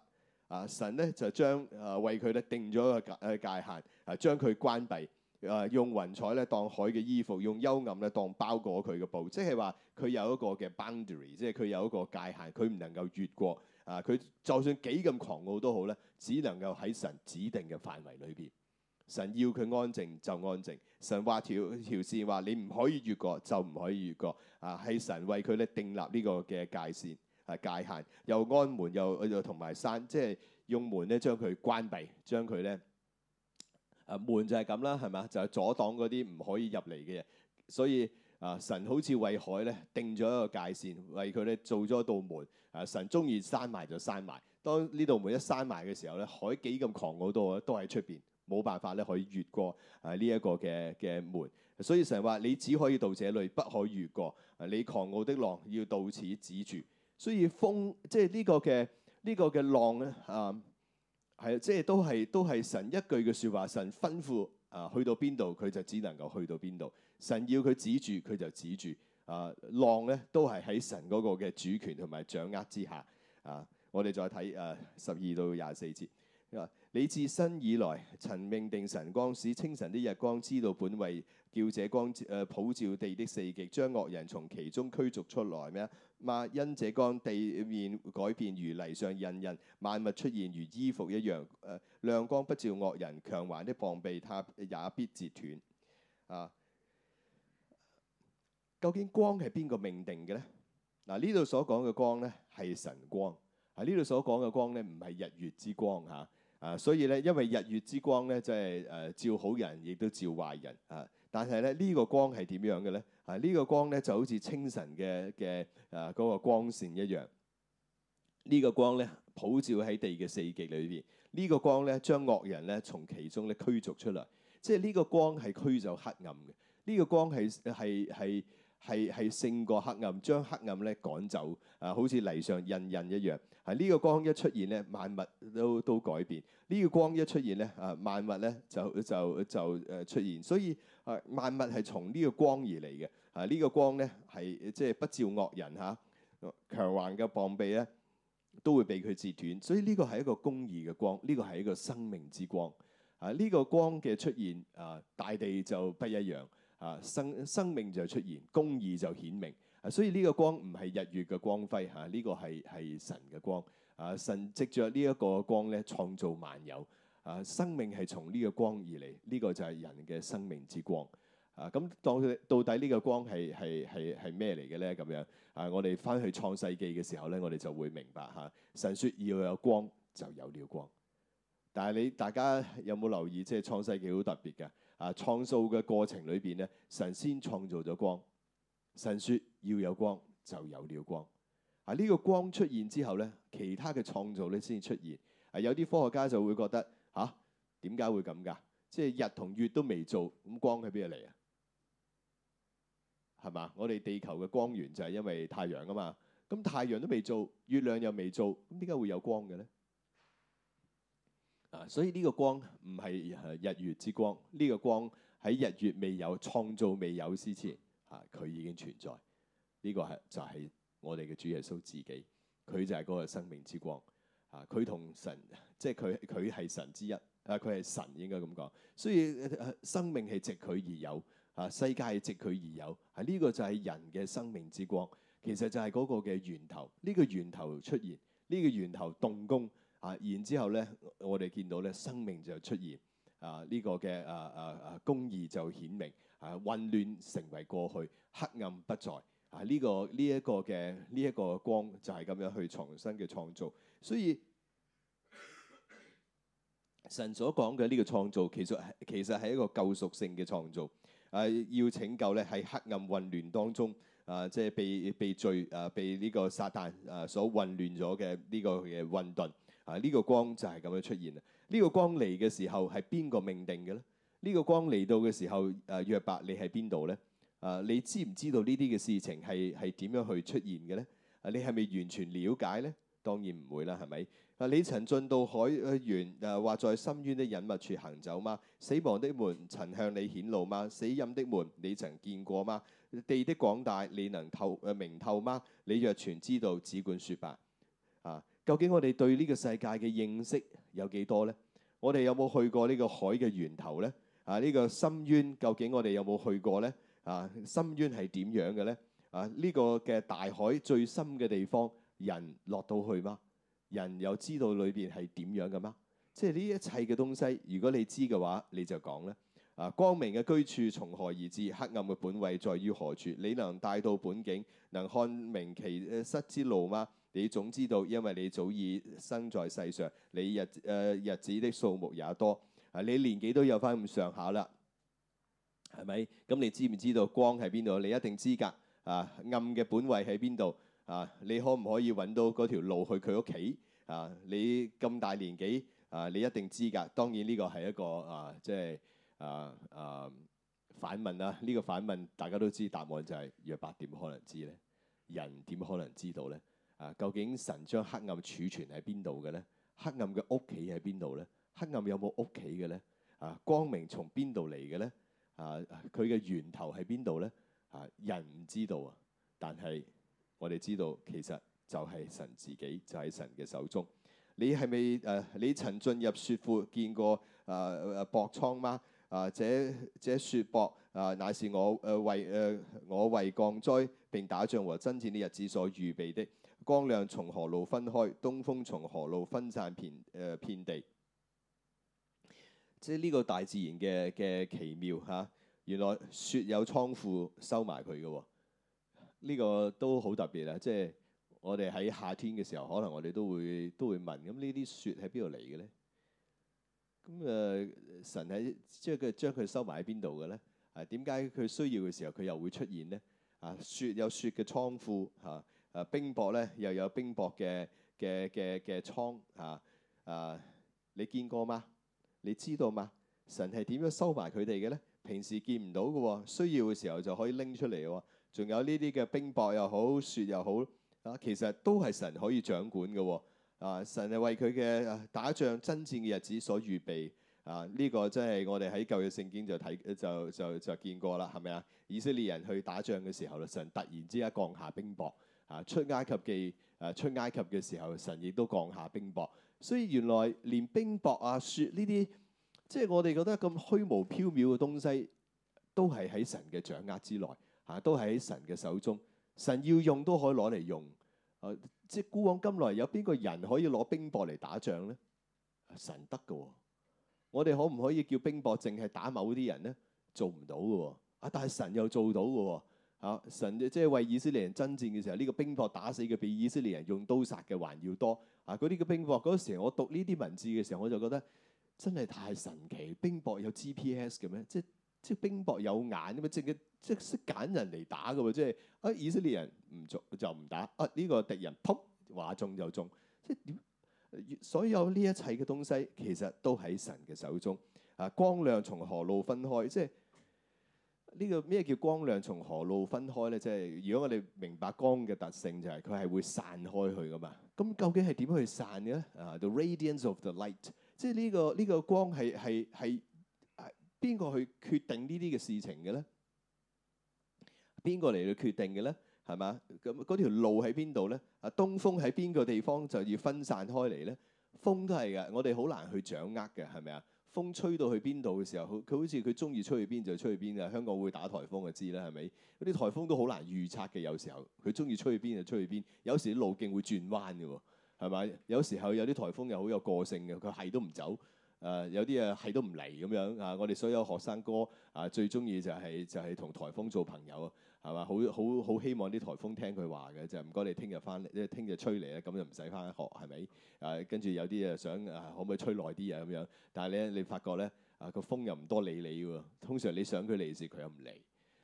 S1: 啊！神咧就將誒、呃、為佢咧定咗一個界限啊，將佢關閉啊，用雲彩咧當海嘅衣服，用幽暗咧當包裹佢嘅布，即係話佢有一個嘅 boundary，即係佢有一個界限，佢唔能夠越過。啊！佢就算幾咁狂傲都好咧，只能夠喺神指定嘅範圍裏邊。神要佢安靜就安靜，神劃條條線話你唔可以越過就唔可以越過。啊，係神為佢咧定立呢個嘅界線啊界限，又安門又又同埋閂，即係用門咧將佢關閉，將佢咧啊門就係咁啦，係咪？就係、是、阻擋嗰啲唔可以入嚟嘅嘢。所以啊，神好似為海咧定咗一個界線，為佢咧做咗道門。啊！神中意閂埋就閂埋。當呢道門一閂埋嘅時候咧，海幾咁狂傲到都喺出邊冇辦法咧，可以越過啊呢一個嘅嘅門。所以神話你只可以到這裏，不可越過。你狂傲的浪要到此止住。所以風即係呢個嘅呢、呢個嘅浪咧啊，係即係都係都係神一句嘅説話，神吩咐啊去到邊度佢就只能夠去到邊度。神要佢止住佢就止住。啊，浪咧都係喺神嗰個嘅主權同埋掌握之下啊！我哋再睇誒十二到廿四節。你、啊啊、自生以來，曾命定晨光，使清晨的日光知道本位，叫這光誒、啊、普照地的四極，將惡人從其中驅逐出來咩？因這光地面改變如泥上印印，萬物出現如衣服一樣誒、啊。亮光不照惡人，強橫的膀臂他也必截斷啊！究竟光係邊個命定嘅咧？嗱，呢度所講嘅光咧係神光，喺呢度所講嘅光咧唔係日月之光嚇，啊，所以咧因為日月之光咧即係誒照好人，亦都照壞人啊。但係咧呢個光係點樣嘅咧？啊，呢個光咧就好似清晨嘅嘅啊嗰個光線一樣，呢個光咧普照喺地嘅四極裏邊，呢個光咧將惡人咧從其中咧驅逐出嚟，即係呢個光係驅走黑暗嘅，呢個光係係係。係係勝過黑暗，將黑暗咧趕走啊！好似泥上印印一樣，係、啊、呢、呢個光一出現咧，萬物都都改變。呢、呢個光一出現咧啊，萬物咧就就就誒出現。所以啊，萬物係從呢個光而嚟嘅。啊，呢、呢個光咧係即係不照惡人嚇，強橫嘅膀臂咧都會被佢截斷。所以呢個係一個公義嘅光，呢個係一個生命之光。啊，呢、呢個光嘅出現啊，大地就不一樣。啊，生生命就出現，公義就顯明。啊，所以呢個光唔係日月嘅光輝，嚇、啊、呢、這個係係神嘅光。啊，神藉著呢一個光咧創造萬有。啊，生命係從呢個光而嚟，呢、這個就係人嘅生命之光。啊，咁到到底呢個光係係係係咩嚟嘅咧？咁樣啊，我哋翻去創世記嘅時候咧，我哋就會明白嚇、啊。神說要有光，就有了光。但係你大家有冇留意，即係創世記好特別嘅？啊！創造嘅過程裏邊咧，神先創造咗光。神說要有光，就有了光。喺、啊、呢、這個光出現之後咧，其他嘅創造咧先出現。啊，有啲科學家就會覺得嚇，點、啊、解會咁㗎？即係日同月都未做，咁光係邊度嚟啊？係嘛？我哋地球嘅光源就係因為太陽啊嘛。咁太陽都未做，月亮又未做，點解會有光嘅咧？所以呢個光唔係日月之光，呢、這個光喺日月未有、創造未有之前，啊，佢已經存在。呢、這個係就係我哋嘅主耶穌自己，佢就係嗰個生命之光。啊，佢同神，即係佢，佢係神之一，啊，佢係神應該咁講。所以生命係藉佢而有，啊，世界係藉佢而有。係、這、呢個就係人嘅生命之光，其實就係嗰個嘅源頭。呢、這個源頭出現，呢、這個源頭動工。啊，然之後咧，我哋見到咧，生命就出現，啊、這、呢個嘅啊啊啊公義就顯明，啊混亂成為過去，黑暗不在，啊、這、呢個呢一、這個嘅呢一個光就係咁樣去重新嘅創造。所以神所講嘅呢個創造其，其實係其實係一個救贖性嘅創造，誒要拯救咧喺黑暗混亂當中，誒即係被被罪誒被呢個撒旦誒所混亂咗嘅呢個嘅混沌。啊！呢、這個光就係咁樣出現啦。呢、這個光嚟嘅時候係邊個命定嘅咧？呢、這個光嚟到嘅時候，誒約伯，你喺邊度咧？誒、啊，你知唔知道呢啲嘅事情係係點樣去出現嘅咧？啊，你係咪完全了解咧？當然唔會啦，係咪？啊，你曾進到海源誒，或、啊、在深淵的隱密處行走嗎？死亡的門曾向你顯露嗎？死陰的門你曾見過嗎？地的廣大你能透誒明透嗎？你若全知道，只管說吧。啊！究竟我哋對呢個世界嘅認識有幾多呢？我哋有冇去過呢個海嘅源頭呢？啊，呢個深淵究竟我哋有冇去過呢？啊，深淵係點樣嘅呢？啊，呢個嘅大海最深嘅地方，人落到去嗎？人又知道裏邊係點樣嘅嗎？即係呢一切嘅東西，如果你知嘅話，你就講咧。啊，光明嘅居處從何而至？黑暗嘅本位在於何處？你能帶到本境，能看明其失之路嗎？你總知道，因為你早已生在世上，你日誒、呃、日子的數目也多啊。你年紀都有返咁上下啦，係咪？咁你知唔知道光喺邊度？你一定知㗎啊。暗嘅本位喺邊度啊？你可唔可以揾到嗰條路去佢屋企啊？你咁大年紀啊，你一定知㗎。當然呢個係一個啊，即、就、係、是、啊啊反問啦、啊。呢、這個反問大家都知答案就係：約伯點可能知呢，人點可能知道呢？啊！究竟神將黑暗儲存喺邊度嘅咧？黑暗嘅屋企喺邊度咧？黑暗有冇屋企嘅咧？啊！光明從邊度嚟嘅咧？啊！佢嘅源頭喺邊度咧？啊！人唔知道啊，但係我哋知道，知道其實就係神自己，就喺、是、神嘅手中。你係咪誒？你曾進入雪闊雪庫見過誒誒、啊、雹倉嗎？啊！這這雪雹啊，乃是我誒、啊、為誒、啊、我為降災並打仗和爭戰的日子所預備的。光亮從何路分開，東風從何路分散遍誒、呃、遍地，即係呢個大自然嘅嘅奇妙嚇、啊。原來雪有倉庫收埋佢嘅，呢、哦這個都好特別啊！即係我哋喺夏天嘅時候，可能我哋都會都會問：咁呢啲雪喺邊度嚟嘅咧？咁誒、呃，神喺即係佢將佢收埋喺邊度嘅咧？啊，點解佢需要嘅時候佢又會出現呢？啊，雪有雪嘅倉庫嚇。啊誒、啊、冰雹咧，又有冰雹嘅嘅嘅嘅倉啊！啊，你見過嗎？你知道嗎？神係點樣收埋佢哋嘅咧？平時見唔到嘅、哦，需要嘅時候就可以拎出嚟喎、哦。仲有呢啲嘅冰雹又好，雪又好啊，其實都係神可以掌管嘅、哦、啊！神係為佢嘅打仗、爭戰嘅日子所預備啊！呢、這個真係我哋喺舊嘅聖經就睇就就就，就見過啦，係咪啊？以色列人去打仗嘅時候咧，神突然之間降下冰雹。啊！出埃及記，啊出埃及嘅時候，神亦都降下冰雹。所以原來連冰雹啊、雪呢啲，即係我哋覺得咁虛無縹緲嘅東西，都係喺神嘅掌握之內，啊都係喺神嘅手中。神要用都可以攞嚟用，啊即係古往今來有邊個人可以攞冰雹嚟打仗咧？神得㗎喎。我哋可唔可以叫冰雹淨係打某啲人咧？做唔到㗎喎。啊，但係神又做到㗎喎。啊！神即係為以色列人爭戰嘅時候，呢、這個冰雹打死嘅比以色列人用刀殺嘅還要多。啊！嗰啲嘅冰雹嗰時，我讀呢啲文字嘅時候，我就覺得真係太神奇。冰雹有 GPS 嘅咩？即係即係冰雹有眼咁啊！即係即係識揀人嚟打嘅喎！即係啊！以色列人唔做就唔打啊！呢、這個敵人撲話中就中。即係所有呢一切嘅東西其實都喺神嘅手中。啊！光亮從何路分開？即係。呢個咩叫光亮從何路分開咧？即係如果我哋明白光嘅特性，就係佢係會散開佢噶嘛。咁究竟係點去散嘅咧？啊，the radiance of the light，即係呢個呢個光係係係邊個去決定呢啲嘅事情嘅咧？邊個嚟去決定嘅咧？係咪？咁嗰條路喺邊度咧？啊，東風喺邊個地方就要分散開嚟咧？風都係嘅，我哋好難去掌握嘅，係咪啊？風吹到去邊度嘅時候，佢佢好似佢中意吹去邊就吹去邊啊！香港會打颱風就知啦，係咪？嗰啲颱風都好難預測嘅，有時候佢中意吹去邊就吹去邊，有時路徑會轉彎嘅喎，係咪？有時候有啲颱風又好有個性嘅，佢係都唔走，誒，有啲嘢係都唔嚟咁樣啊！我哋所有學生哥啊，最中意就係就係同颱風做朋友。係嘛？好好好，希望啲颱風聽佢話嘅，就唔該你聽日翻嚟，因為聽日吹嚟咧，咁就唔使翻學係咪？啊，跟住有啲嘢想啊，可唔可以吹耐啲啊？咁樣，但係咧，你發覺咧，啊個風又唔多理你喎。通常你想佢嚟時，佢又唔嚟；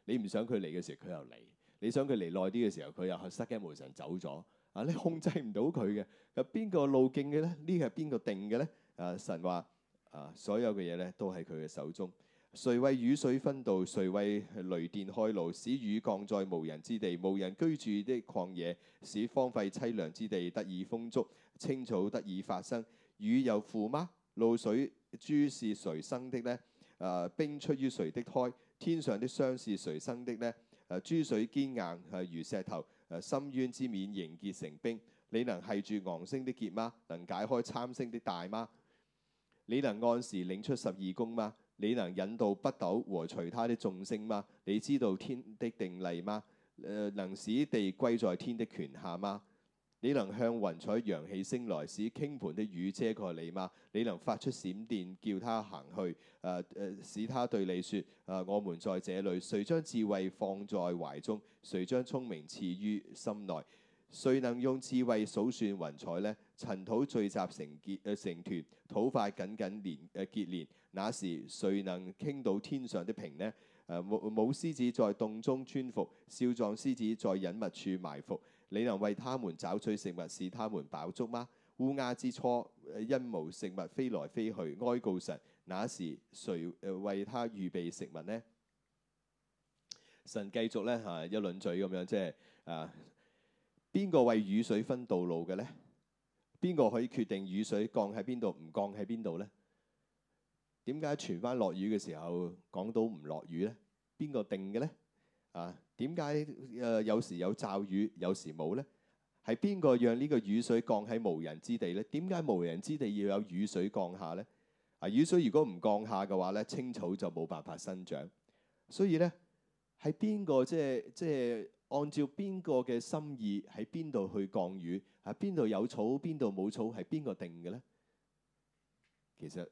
S1: 你唔想佢嚟嘅時，佢又嚟；你想佢嚟耐啲嘅時候，佢又係失驚無神走咗。啊，你控制唔到佢嘅。有邊個路徑嘅咧？呢個係邊個定嘅咧？啊，神話啊，所有嘅嘢咧都喺佢嘅手中。誰為雨水分道？誰為雷電開路？使雨降在無人之地、無人居住的曠野，使荒廢淒涼之地得以豐足，青草得以發生。雨有父嗎？露水珠是誰生的呢？誒、啊，冰出於誰的胎？天上的霜是誰生的呢？誒、啊，諸水堅硬、啊、如石頭，啊、深淵之面凝結成冰。你能繫住昴星的結嗎？能解開參星的帶嗎？你能按時領出十二宮嗎？你能引導北斗和隨他的眾星嗎？你知道天的定例嗎？能使地歸在天的權下嗎？你能向雲彩揚起聲來，使傾盆的雨遮蓋你嗎？你能發出閃電，叫他行去？啊啊、使他對你説、啊：我們在這裡。誰將智慧放在懷中？誰將聰明賜於心內？誰能用智慧數算雲彩呢？塵土聚集成結，成團，土塊緊緊連，誒結連。那時誰能傾倒天上的瓶呢？誒母母獅子在洞中蹲伏，少壯獅子在隱密處埋伏。你能為他們抓取食物，使他們飽足嗎？烏鴉之雛，因無食物飛來飛去，哀告神。那時誰誒為牠預備食物呢？神繼續咧嚇一輪嘴咁樣，即係啊～邊個為雨水分道路嘅呢？邊個可以決定雨水降喺邊度唔降喺邊度呢？點解傳返落雨嘅時候，講到唔落雨呢？邊個定嘅呢？啊，點解誒有時有驟雨，有時冇呢？係邊個讓呢個雨水降喺無人之地呢？點解無人之地要有雨水降下呢？啊，雨水如果唔降下嘅話呢，青草就冇辦法生長。所以呢，係邊個即係即係？按照邊個嘅心意喺邊度去降雨啊？邊度有草，邊度冇草，係邊個定嘅呢？其實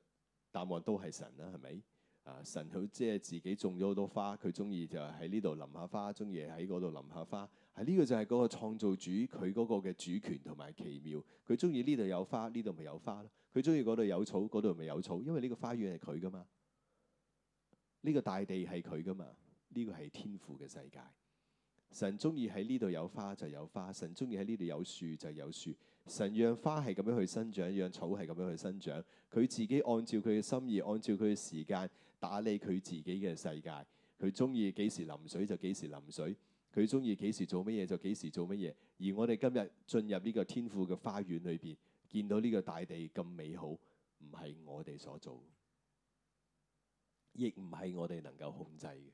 S1: 答案都係神啦，係咪啊？神佢即係自己種咗好多花，佢中意就喺呢度淋下花，中意喺嗰度淋下花。係、啊、呢、呢個就係嗰個創造主佢嗰個嘅主權同埋奇妙。佢中意呢度有花，呢度咪有花咯；佢中意嗰度有草，嗰度咪有草，因為呢個花園係佢噶嘛，呢、呢個大地係佢噶嘛，呢、呢個係、呢個、天父嘅世界。神中意喺呢度有花就有花，神中意喺呢度有樹就有樹。神讓花係咁樣去生長，讓草係咁樣去生長。佢自己按照佢嘅心意，按照佢嘅時間打理佢自己嘅世界。佢中意幾時淋水就幾時淋水，佢中意幾時做乜嘢就幾時做乜嘢。而我哋今日進入呢個天父嘅花園裏邊，見到呢個大地咁美好，唔係我哋所做，亦唔係我哋能夠控制嘅。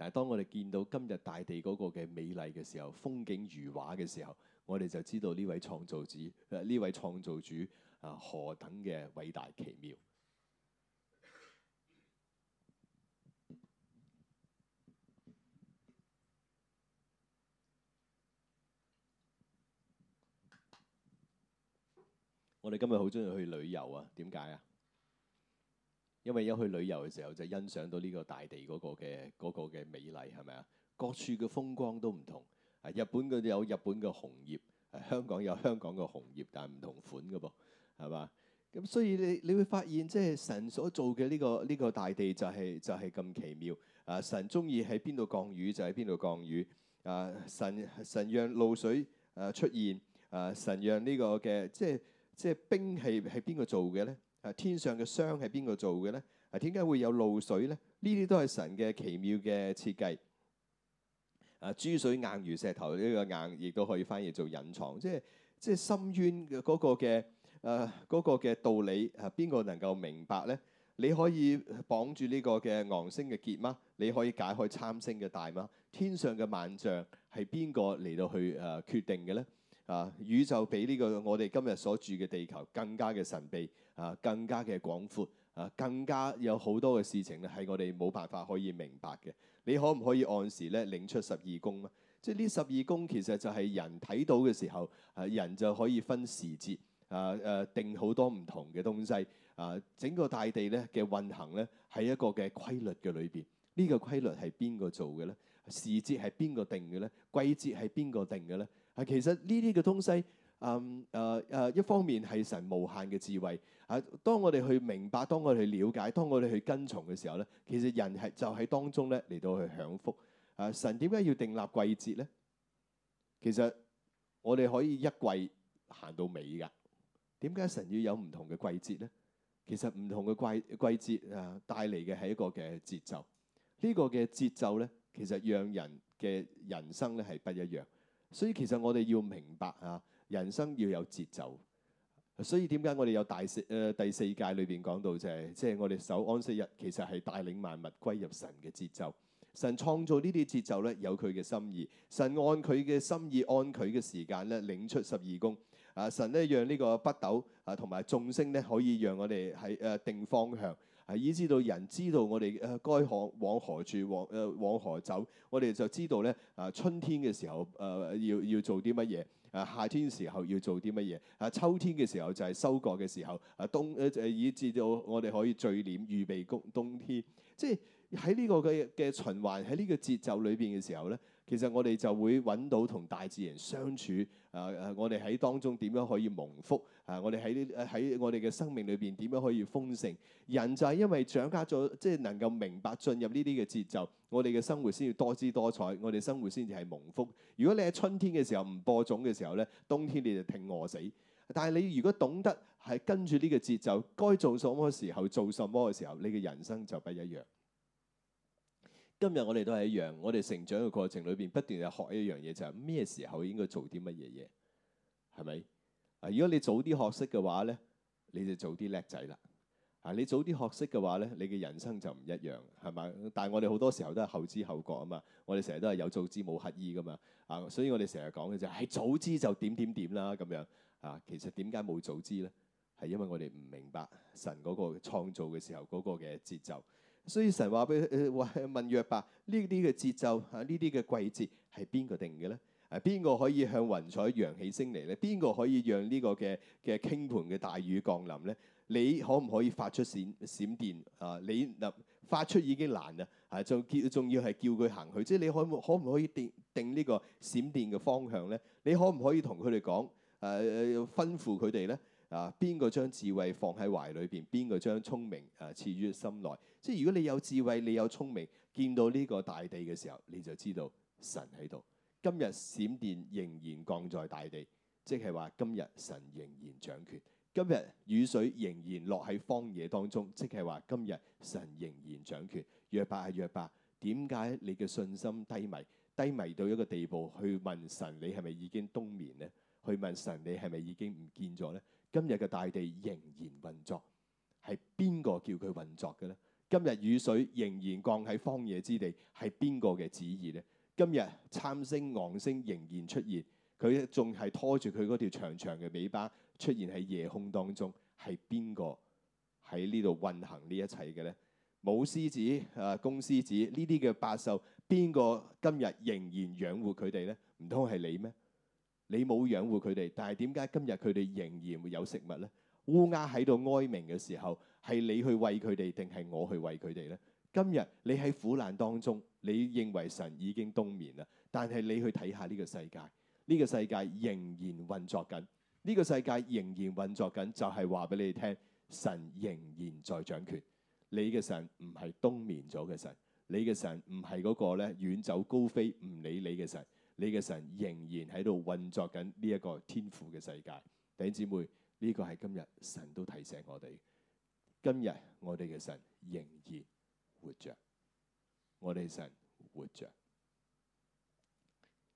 S1: 但係當我哋見到今日大地嗰個嘅美麗嘅時候，風景如畫嘅時候，我哋就知道呢位創造主，呃、呢位創造主啊何等嘅偉大奇妙！我哋今日好中意去旅遊啊，點解啊？因為一去旅遊嘅時候就欣賞到呢個大地嗰個嘅嗰個嘅美麗係咪啊？各處嘅風光都唔同。啊，日本嘅有日本嘅紅葉，香港有香港嘅紅葉，但係唔同款嘅噃，係嘛？咁所以你你會發現即係神所做嘅呢個呢個大地就係就係咁奇妙。啊，神中意喺邊度降雨就喺邊度降雨。啊，神神讓露水啊出現。啊，神讓個是是呢個嘅即係即係冰係係邊個做嘅咧？誒天上嘅霜係邊個做嘅咧？誒點解會有露水咧？呢啲都係神嘅奇妙嘅設計。誒、啊、諸水硬如石頭，呢、呢個硬亦都可以翻譯做隱藏，即係即係深淵嗰個嘅誒嗰個嘅道理誒，邊、啊、個能夠明白咧？你可以綁住呢個嘅昴星嘅結嗎？你可以解開參星嘅帶嗎？天上嘅萬象係邊個嚟到去誒決定嘅咧？啊！宇宙比呢個我哋今日所住嘅地球更加嘅神秘。啊，更加嘅廣闊，啊，更加有好多嘅事情咧，係我哋冇辦法可以明白嘅。你可唔可以按時咧領出十二宮咧？即係呢十二宮其實就係人睇到嘅時候，人就可以分時節，啊誒，定好多唔同嘅東西。啊，整個大地咧嘅運行咧，係一個嘅規律嘅裏面。這個、規呢個規律係邊個做嘅咧？時節係邊個定嘅咧？季節係邊個定嘅咧？係其實呢啲嘅東西。嗯，誒誒，一方面係神無限嘅智慧啊。Uh, 當我哋去明白，當我哋去了解，當我哋去跟從嘅時候咧，其實人係就喺當中咧嚟到去享福啊。Uh, 神點解要訂立季節咧？其實我哋可以一季行到尾㗎。點解神要有唔同嘅季節咧？其實唔同嘅季季節啊，帶嚟嘅係一個嘅節奏。這個、節奏呢個嘅節奏咧，其實讓人嘅人生咧係不一樣。所以其實我哋要明白啊。人生要有節奏，所以點解我哋有大四、呃、第四誒第四屆裏邊講到就係、是，即、就、係、是、我哋守安息日，其實係帶領萬物歸入神嘅節奏。神創造呢啲節奏咧，有佢嘅心意。神按佢嘅心意，按佢嘅時間咧，領出十二宮啊。神咧讓呢個北斗啊同埋眾星咧，可以讓我哋喺誒定方向，係、啊、以至到人知道我哋誒該向、啊、往何處往誒、啊、往何走。我哋就知道咧啊，春天嘅時候誒、啊、要要做啲乜嘢。誒、啊、夏天時候要做啲乜嘢？誒、啊、秋天嘅時候就係收割嘅時候。誒冬誒以至到我哋可以聚斂預備冬冬天。即係喺呢個嘅嘅循環喺呢個節奏裏邊嘅時候咧，其實我哋就會揾到同大自然相處。誒誒、啊，我哋喺當中點樣可以蒙福？誒、啊，我哋喺喺我哋嘅生命裏邊點樣可以豐盛？人就係因為掌握咗即係能夠明白進入呢啲嘅節奏，我哋嘅生活先要多姿多彩，我哋生活先至係蒙福。如果你喺春天嘅時候唔播種嘅時候咧，冬天你就挺餓死。但係你如果懂得係跟住呢個節奏，該做什麼時候做什麼嘅時候，你嘅人生就不一樣。今日我哋都係一樣，我哋成長嘅過程裏邊不斷係學一樣嘢，就係、是、咩時候應該做啲乜嘢嘢，係咪？啊，如果你早啲學識嘅話咧，你就早啲叻仔啦。啊，你早啲學識嘅話咧，你嘅人生就唔一樣，係咪？但係我哋好多時候都係後知後覺啊嘛，我哋成日都係有早知冇乞兒噶嘛。啊，所以我哋成日講嘅就係、是哎、早知就點點點，點啦咁樣。啊，其實點解冇早知咧？係因為我哋唔明白神嗰個創造嘅時候嗰個嘅節奏。所以神話俾誒問問約伯呢啲嘅節奏啊，呢啲嘅季節係邊個定嘅咧？啊，邊個可以向雲彩揚起聲嚟咧？邊個可以讓呢個嘅嘅傾盆嘅大雨降臨咧？你可唔可以發出閃閃電啊？你嗱發出已經難啦，啊，仲叫仲要係叫佢行去，即係你可可唔可以定定呢個閃電嘅方向咧？你可唔可以同佢哋講誒吩咐佢哋咧？啊！邊個將智慧放喺懷裏邊？邊個將聰明啊賜於心內？即係如果你有智慧，你有聰明，見到呢個大地嘅時候，你就知道神喺度。今日閃電仍然降在大地，即係話今日神仍然掌權。今日雨水仍然落喺荒野當中，即係話今日神仍然掌權。約伯係約伯，點解你嘅信心低迷？低迷到一個地步，去問神：你係咪已經冬眠呢？去問神：你係咪已經唔見咗呢？今日嘅大地仍然運作，係邊個叫佢運作嘅呢？今日雨水仍然降喺荒野之地，係邊個嘅旨意呢？今日參星昂星仍然出現，佢仲係拖住佢嗰條長長嘅尾巴出現喺夜空當中，係邊個喺呢度運行呢一切嘅呢？母獅子、誒公獅子呢啲嘅百獸，邊個今日仍然養活佢哋呢？唔通係你咩？你冇養護佢哋，但係點解今日佢哋仍然會有食物呢？烏鴉喺度哀鳴嘅時候，係你去餵佢哋定係我去餵佢哋呢？今日你喺苦難當中，你認為神已經冬眠啦？但係你去睇下呢個世界，呢個世界仍然運作緊，呢個世界仍然運作緊，就係話俾你哋聽，神仍然在掌權。你嘅神唔係冬眠咗嘅神，你嘅神唔係嗰個咧遠走高飛唔理你嘅神。你嘅神仍然喺度運作緊呢一個天父嘅世界，弟兄姊妹，呢、這個係今日神都提醒我哋，今日我哋嘅神仍然活着，我哋神活着。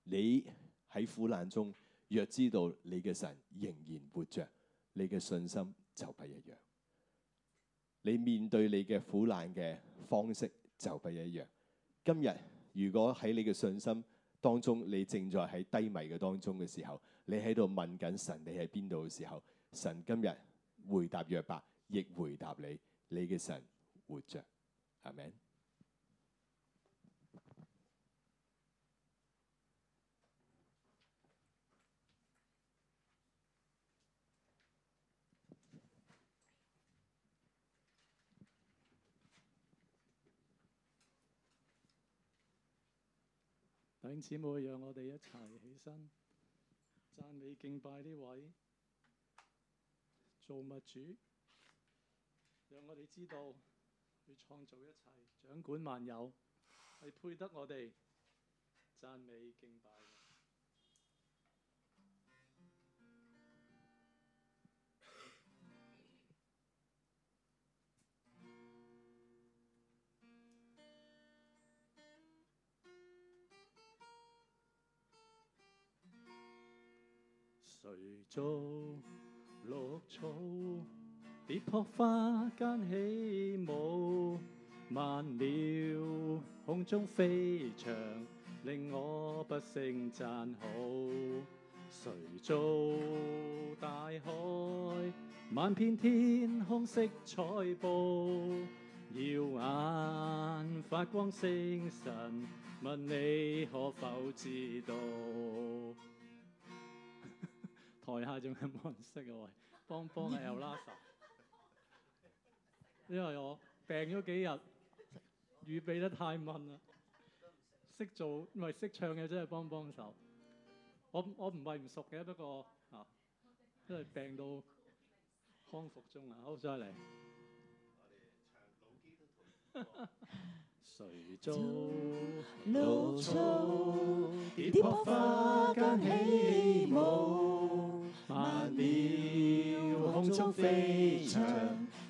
S1: 你喺苦難中，若知道你嘅神仍然活着，你嘅信心就不一樣，你面對你嘅苦難嘅方式就不一樣。今日如果喺你嘅信心，當中，你正在喺低迷嘅當中嘅時候，你喺度問緊神，你喺邊度嘅時候，神今日回答約伯，亦回答你，你嘅神活着，阿門。
S2: 弟兄姊妹，讓我哋一齊起、起身，讚美敬拜呢位造物主，讓我哋知道去創造一切，掌管萬有，係配得我哋讚美敬拜。誰做綠草，跌破花間起舞；萬鳥空中飛翔，令我不勝贊好。誰做大海，萬遍天空色彩布，耀眼發光星辰，問你可否知道？台下仲有冇人識啊？哎，幫幫啊 e l l 因為我病咗幾日， 預備得太悶啦，識 做唔係識唱嘅，真、就、係、是、幫幫手。 我我唔係唔熟嘅，不過啊， 因為病到康復中啊，好，再嚟。
S3: 誰造露草，跌落花間起舞，萬鳥空中飛翔，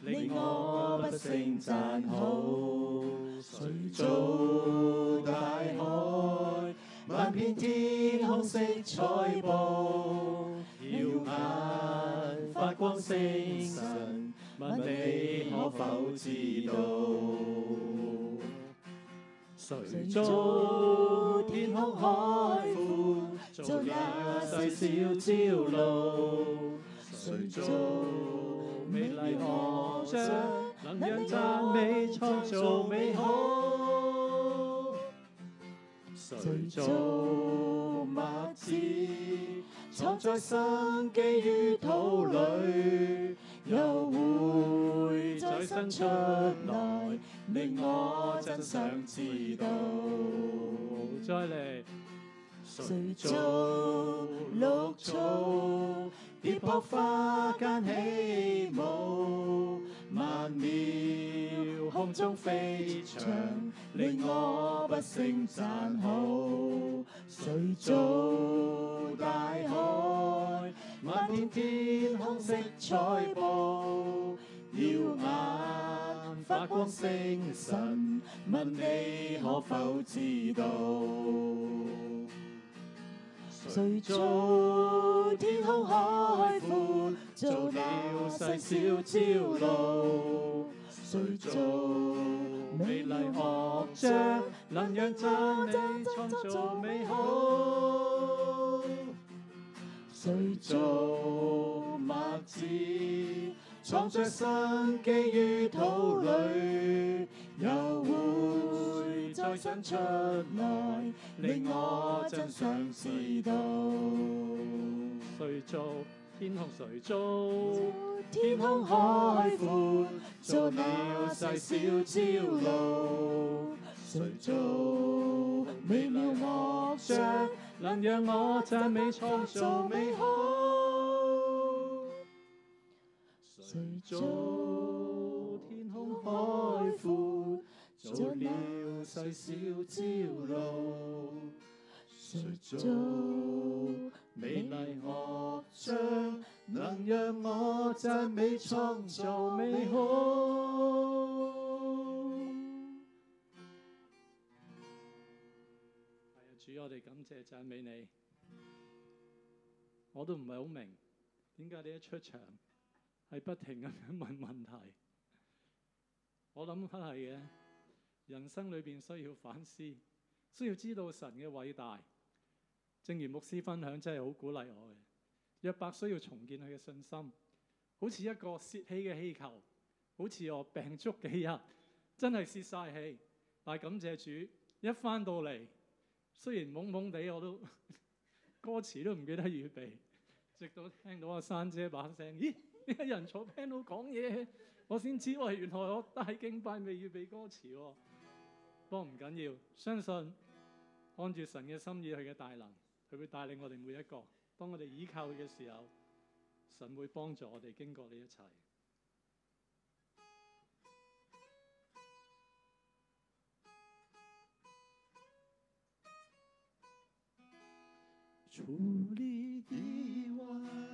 S3: 你我不勝讚好。誰造大海，萬片天空色彩布，耀眼發光星辰，問問你可否知道？誰做天空海闊，做也細小朝露；誰做美麗河床，能讓讚美
S2: 創造美好。
S3: 誰做麥子，藏在生機於土裏，又會再生出來。令我真想知道再來，再嚟。誰做綠藻、跌破花間起舞，曼妙空中飛翔，令我不勝讚好。誰做大海漫遍天空色彩布？耀眼發光星辰，問你可否知道？誰做天空海闊，做了細小朝露？誰做美麗樂章，能讓讚你創造美好？誰做墨子？藏着生機於土裏，又會再長出來，令我真想知道。誰造天空誰造？誰造天空海闊？造那細小，小朝露？誰造美妙樂章？能讓我讚美創造美好？誰做天空海闊，做了細小朝露？誰做美麗樂章，能讓我讚美創造美好？
S2: 主，我哋感謝讚美你。我都唔係好明，點解你一出場？係不停咁樣問問題，我諗返係嘅。人生裏邊需要反思，需要知道神嘅偉大。正如牧師分享，真係好鼓勵我嘅。約伯需要重建佢嘅信心，好似一個洩氣嘅氣球，好似我病足幾日，真係洩晒氣。但係感謝主，一翻到嚟，雖然懵懵地，我都 歌詞都唔記得預備，直到聽到阿山姐把聲，咦？呢個人坐 b 到 n 講嘢，我先知原來我帶敬拜未預備歌詞喎，哦。不過唔緊要，相信按住神嘅心意、佢嘅大能，佢會帶領我哋每一個，當我哋倚靠佢嘅時候，神會幫助我哋經過呢一切。
S3: 除你以外。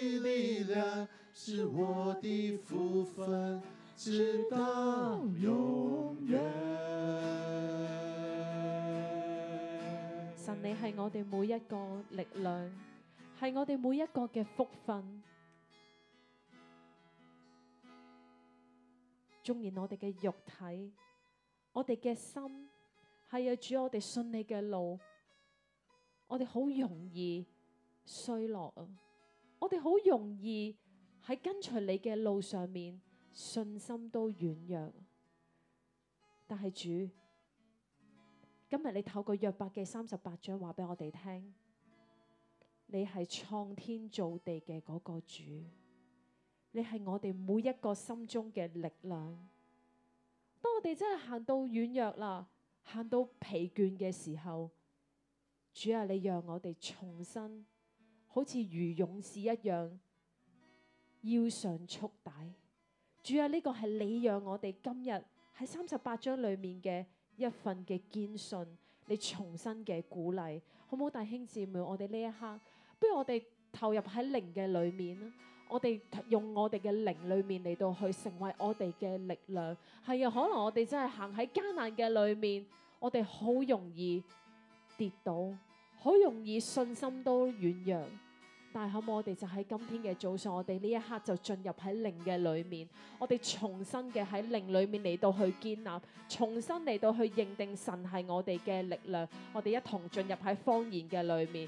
S4: 神，你係我哋每一個力量，係我哋每一個嘅福分，中意我哋嘅肉體，我哋嘅心，係有主，我哋信你嘅路，我哋好容易衰落啊！我哋好容易喺跟隨你嘅路上面信心都軟弱，但係主，今日你透過約伯嘅三十八章話俾我哋聽，你係創天造地嘅嗰個主，你係我哋每一個心中嘅力量。當我哋真係行到軟弱啦，行到疲倦嘅時候，主啊，你讓我哋重新。好似如勇士一樣，腰上束帶。主要呢個係你讓我哋今日喺三十八章裡面嘅一份嘅堅信，你重新嘅鼓勵，好唔好？弟兄姊妹，我哋呢一刻，不如我哋投入喺靈嘅裏面，我哋用我哋嘅靈裏面嚟到去成為我哋嘅力量。係啊，可能我哋真係行喺艱難嘅裏面，我哋好容易跌倒。好容易信心都軟弱，但係好我哋就喺今天嘅早上，我哋呢一刻就進入喺靈嘅裏面，我哋重新嘅喺靈裏面嚟到去堅立，重新嚟到去認定神係我哋嘅力量，我哋一同進入喺方言嘅裏面。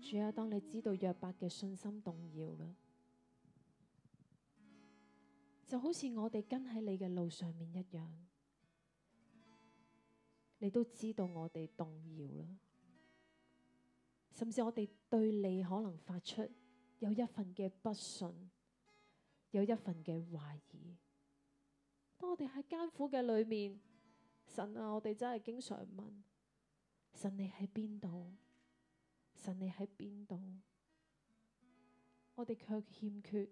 S4: 主啊，嗯、當你知道約伯嘅信心動搖啦，就好似我哋跟喺你嘅路上面一樣，你都知道我哋動搖啦，甚至我哋對你可能發出有一份嘅不信，有一份嘅懷疑。當我哋喺艱苦嘅裏面，神啊，我哋真係經常問。神你喺邊度？神你喺邊度？我哋卻欠缺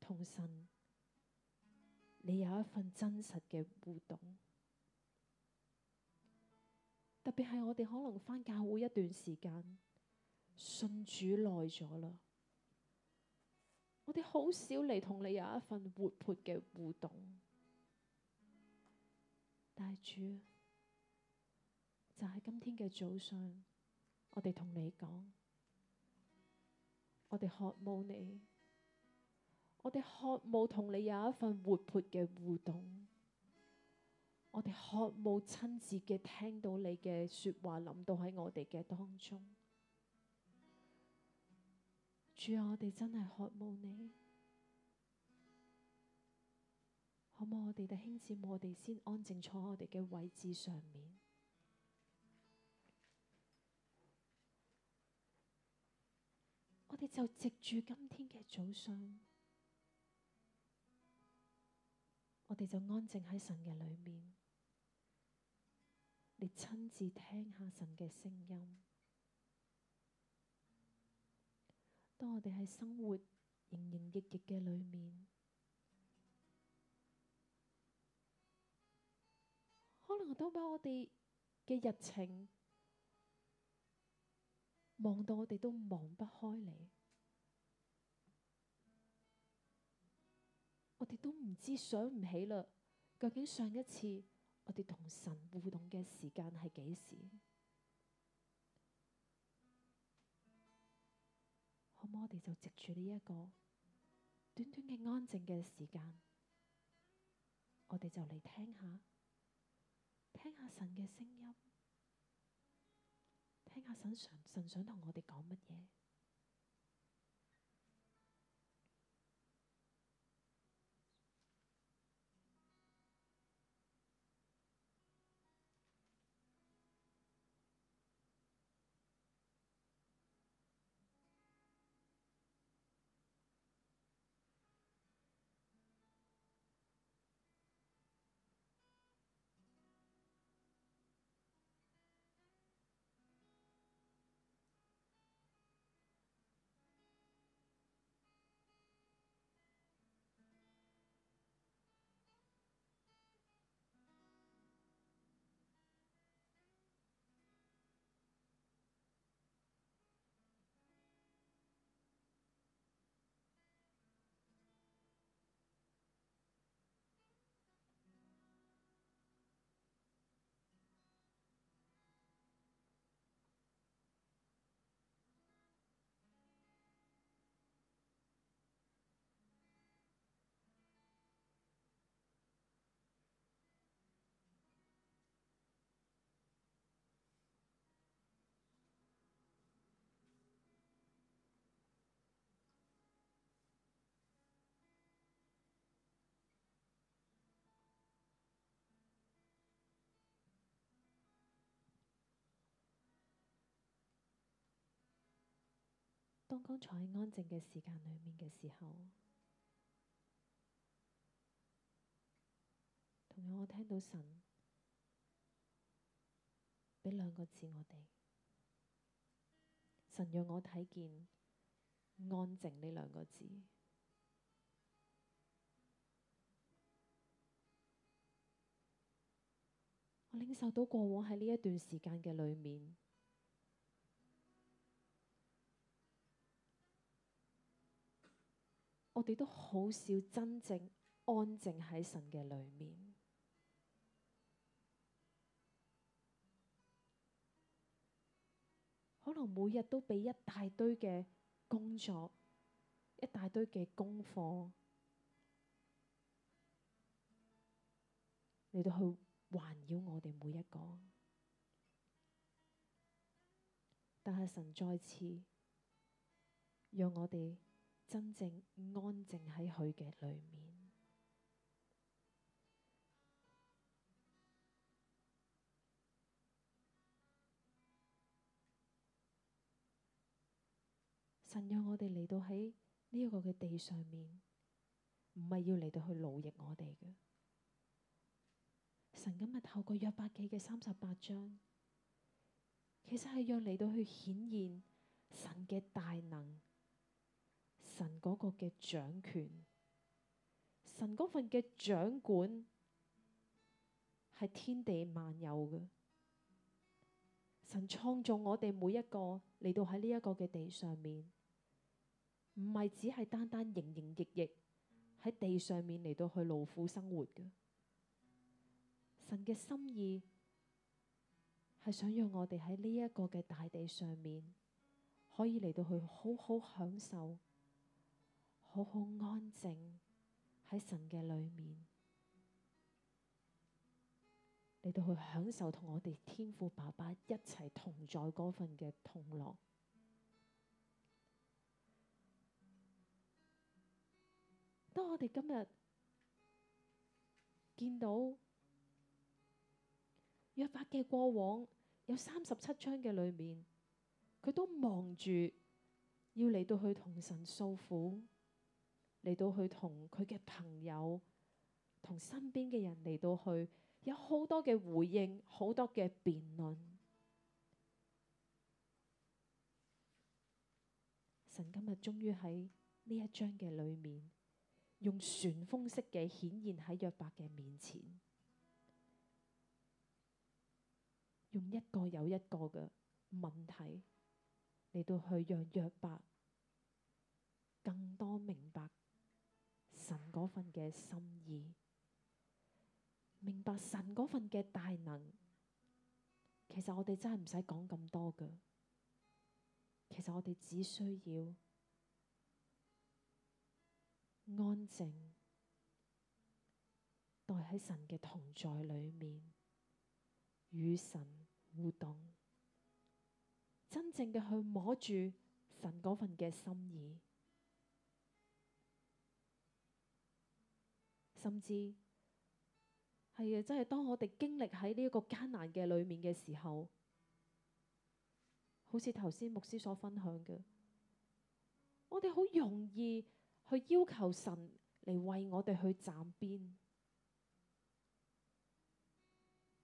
S4: 同神你有一份真實嘅互動，特別係我哋可能返教會一段時間，信主耐咗啦，我哋好少嚟同你有一份活潑嘅互動，大主。就喺今天嘅早上，我哋同你講，我哋渴慕你，我哋渴慕同你有一份活潑嘅互動，我哋渴慕親自嘅聽到你嘅說話，諗到喺我哋嘅當中。主啊，我哋真係渴慕你，可唔可以我哋嘅兄姊妹，我哋先安靜坐喺我哋嘅位置上面。我哋就藉住今天嘅早上，我哋就安靜喺神嘅裏面，你親自聽下神嘅聲音。當我哋喺生活營營役役嘅裏面，可能都把我哋嘅日程。望到我哋都望唔開你，我哋都唔知想唔起嘞。究竟上一次我哋同神互動嘅時間係幾時？可唔可以我哋就藉住呢一個短短嘅安靜嘅時間，我哋就嚟聽下，聽下神嘅聲音。聽下神想，神想同我哋講乜嘢？我剛剛坐喺安靜嘅時間裏面嘅時候，同樣我聽到神俾兩個字我哋，神讓我睇見安靜呢兩個字。我領受到過往喺呢一段時間嘅裏面。我哋都好少真正安靜喺神嘅裏面，可能每日都俾一大堆嘅工作、一大堆嘅功課嚟到去環繞我哋每一個，但係神再次讓我哋。真正安靜喺佢嘅裏面，神讓我哋嚟到喺呢一個嘅地上面，唔係要嚟到去奴役我哋嘅。神今日透過約伯記嘅三十八章，其實係讓嚟到去顯現神嘅大能。神嗰個嘅掌權，神嗰份嘅掌管，係天地萬有嘅。神創造我哋每一個嚟到喺呢一個嘅地上面，唔係只係單單營營役役喺地上面嚟到去勞苦生活嘅。神嘅心意係想讓我哋喺呢一個嘅大地上面，可以嚟到去好好享受。好好安靜喺神嘅裏面，嚟到去享受同我哋天父爸爸一齊同在嗰份嘅同樂。當我哋今日見到約伯嘅過往有三十七章嘅裏面，佢都忙住要嚟到去同神訴苦。嚟到去同佢嘅朋友，同身邊嘅人嚟到去，有好多嘅回應，好多嘅辯論。神今日終於喺呢一章嘅裏面，用旋風式嘅顯現喺約伯嘅面前，用一個又一個嘅問題嚟到去讓約伯更多明白神嗰份嘅心意，明白神嗰份嘅大能，其實我哋真係唔使講咁多嘅。其實我哋只需要安靜，待喺神嘅同在裏面，與神互動，真正嘅去摸住神嗰份嘅心意。甚至係啊，即係當我哋經歷喺呢個艱難嘅裏面嘅時候，好似頭先牧師所分享嘅，我哋好容易去要求神嚟為我哋去站邊，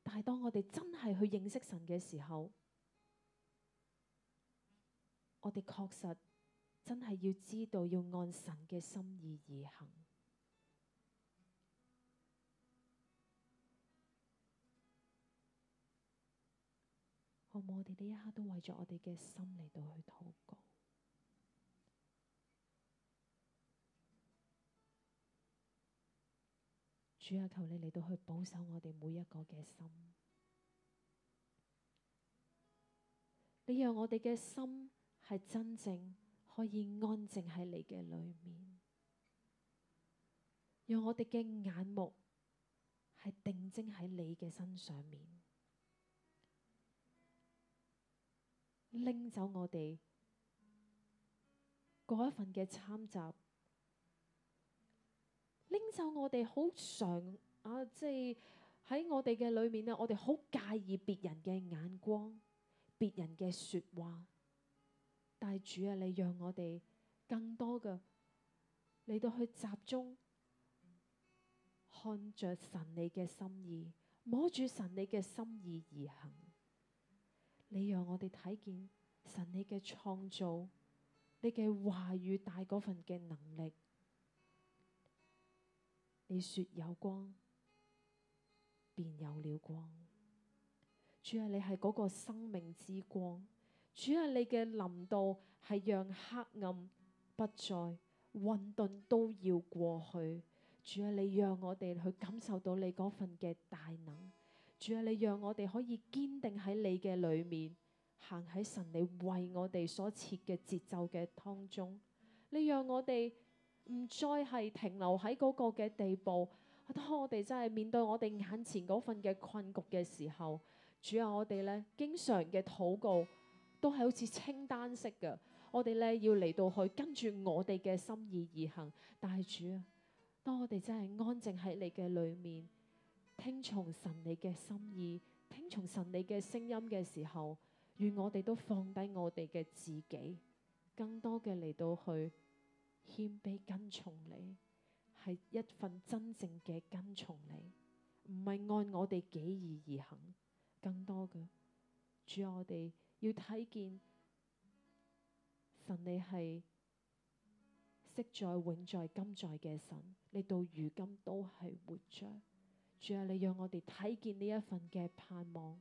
S4: 但係當我哋真係去認識神嘅時候，我哋確實真係要知道要按神嘅心意而行。可唔我哋呢一刻都為咗我哋嘅心嚟到去禱告？主啊，求你嚟到去保守我哋每一個嘅心。你讓我哋嘅心係真正可以安靜喺你嘅裏面，讓我哋嘅眼目係定睛喺你嘅身上面。拎走我哋嗰一份嘅參雜，拎走我哋好常啊！即係喺我哋嘅裏面啊，我哋好介意別人嘅眼光、別人嘅說話。但係主啊，你讓我哋更多嘅嚟到去集中，看着神你嘅心意，摸住神你嘅心意而行。你讓我哋睇見神你嘅創造，你嘅話語大嗰份嘅能力，你說有光，便有了光。主啊，你係嗰個生命之光。主啊，你嘅臨到係讓黑暗不再，混沌都要過去。主啊，你讓我哋去感受到你嗰份嘅大能。主啊，你讓我哋可以堅定喺你嘅裏面，行喺神你為我哋所設嘅節奏嘅當中。你讓我哋唔再係停留喺嗰個嘅地步。當我哋真係面對我哋眼前嗰份嘅困局嘅時候，主啊，我哋咧經常嘅禱告都係好似清單式嘅。我哋咧要嚟到去跟住我哋嘅心意而行。但係主啊，當我哋真係安靜喺你嘅裏面。聽從神你嘅心意，聽從神你嘅聲音嘅時候，願我哋都放低我哋嘅自己，更多嘅嚟到去謙卑跟從你，係一份真正嘅跟從你，唔係按我哋己意而而行。更多嘅，主要我哋要睇見神你係昔在、永在、今在嘅神，你到如今都係活着。仲有你讓我哋睇見呢一份嘅盼望；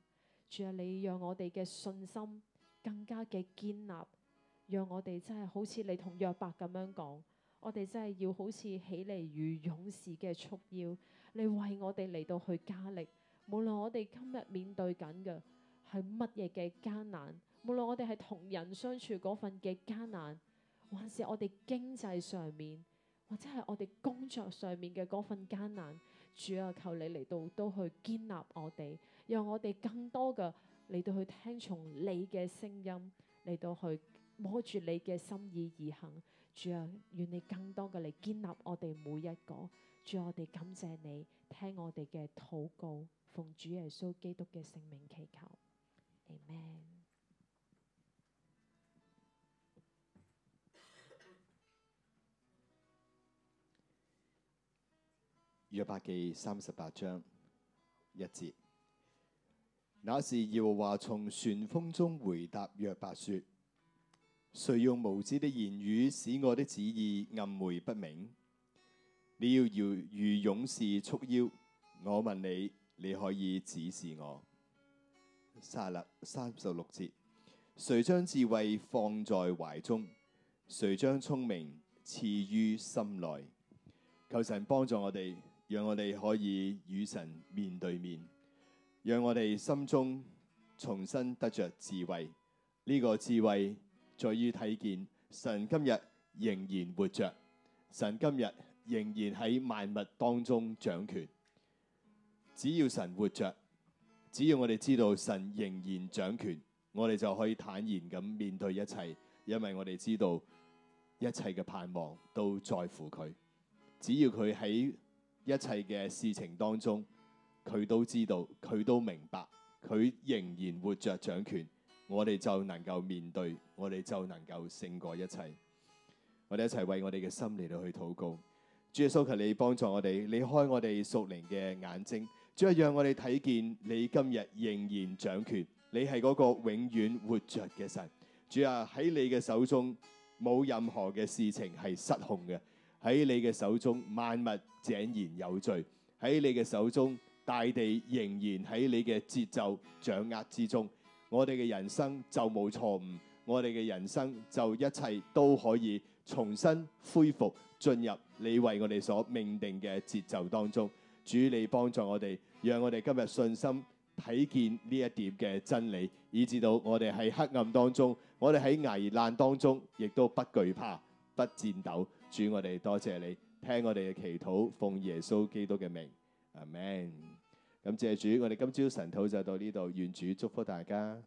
S4: 仲有你讓我哋嘅信心更加嘅堅立；讓我哋真係好似你同約伯咁樣講，我哋真係要好似起嚟如勇士嘅束腰。你為我哋嚟到去加力，無論我哋今日面對緊嘅係乜嘢嘅艱難，無論我哋係同人相處嗰份嘅艱難，還是我哋經濟上面，或者係我哋工作上面嘅嗰份艱難。主啊，求你嚟到都去建立我哋，讓我哋更多嘅嚟到去聽從你嘅聲音，嚟到去摸住你嘅心意而行。主啊，願你更多嘅嚟建立我哋每一個。主啊，我哋感謝你，聽我哋嘅禱告，奉主耶穌基督嘅聖名祈求，阿門。
S1: 約伯記三十八章一節，那時耶和華從旋風中回答約伯說：誰用無知的言語使我的旨意暗昧不明？你要如勇士束腰，我問你，你可以指示我。撒勒三十六節，誰將智慧放在懷中？誰將聰明賜於心內？求神幫助我哋。讓我哋可以與神面對面，讓我哋心中重新得着智慧。呢個智慧在於睇見神今日仍然活着，神今日仍然喺萬物當中掌權。只要神活着，只要我哋知道神仍然掌權，我哋就可以坦然咁面對一切，因為我哋知道一切嘅盼望都在乎佢。只要佢喺，一切嘅事情當中，佢都知道，佢都明白，佢仍然活着掌權，我哋就能夠面對，我哋就能夠勝過一切。我哋一齊為我哋嘅心嚟到去禱告。主耶穌求你幫助我哋，你開我哋屬靈嘅眼睛。主啊，讓我哋睇見，你今日仍然掌權，你係嗰個永遠活着嘅神。主啊，喺你嘅手中冇任何嘅事情係失控嘅。喺你嘅手中，萬物井然有序；喺你嘅手中，大地仍然喺你嘅節奏掌握之中。我哋嘅人生就冇錯誤，我哋嘅人生就一切都可以重新恢復，進入你為我哋所命定嘅節奏當中。主，你幫助我哋，讓我哋今日信心睇見呢一點嘅真理，以至到我哋喺黑暗當中，我哋喺危難當中，亦都不懼怕，不戰抖。主，我哋多謝你聽我哋嘅祈禱，奉耶穌基督嘅名，阿門。咁謝主，我哋今朝晨禱就到呢度，願主祝福大家。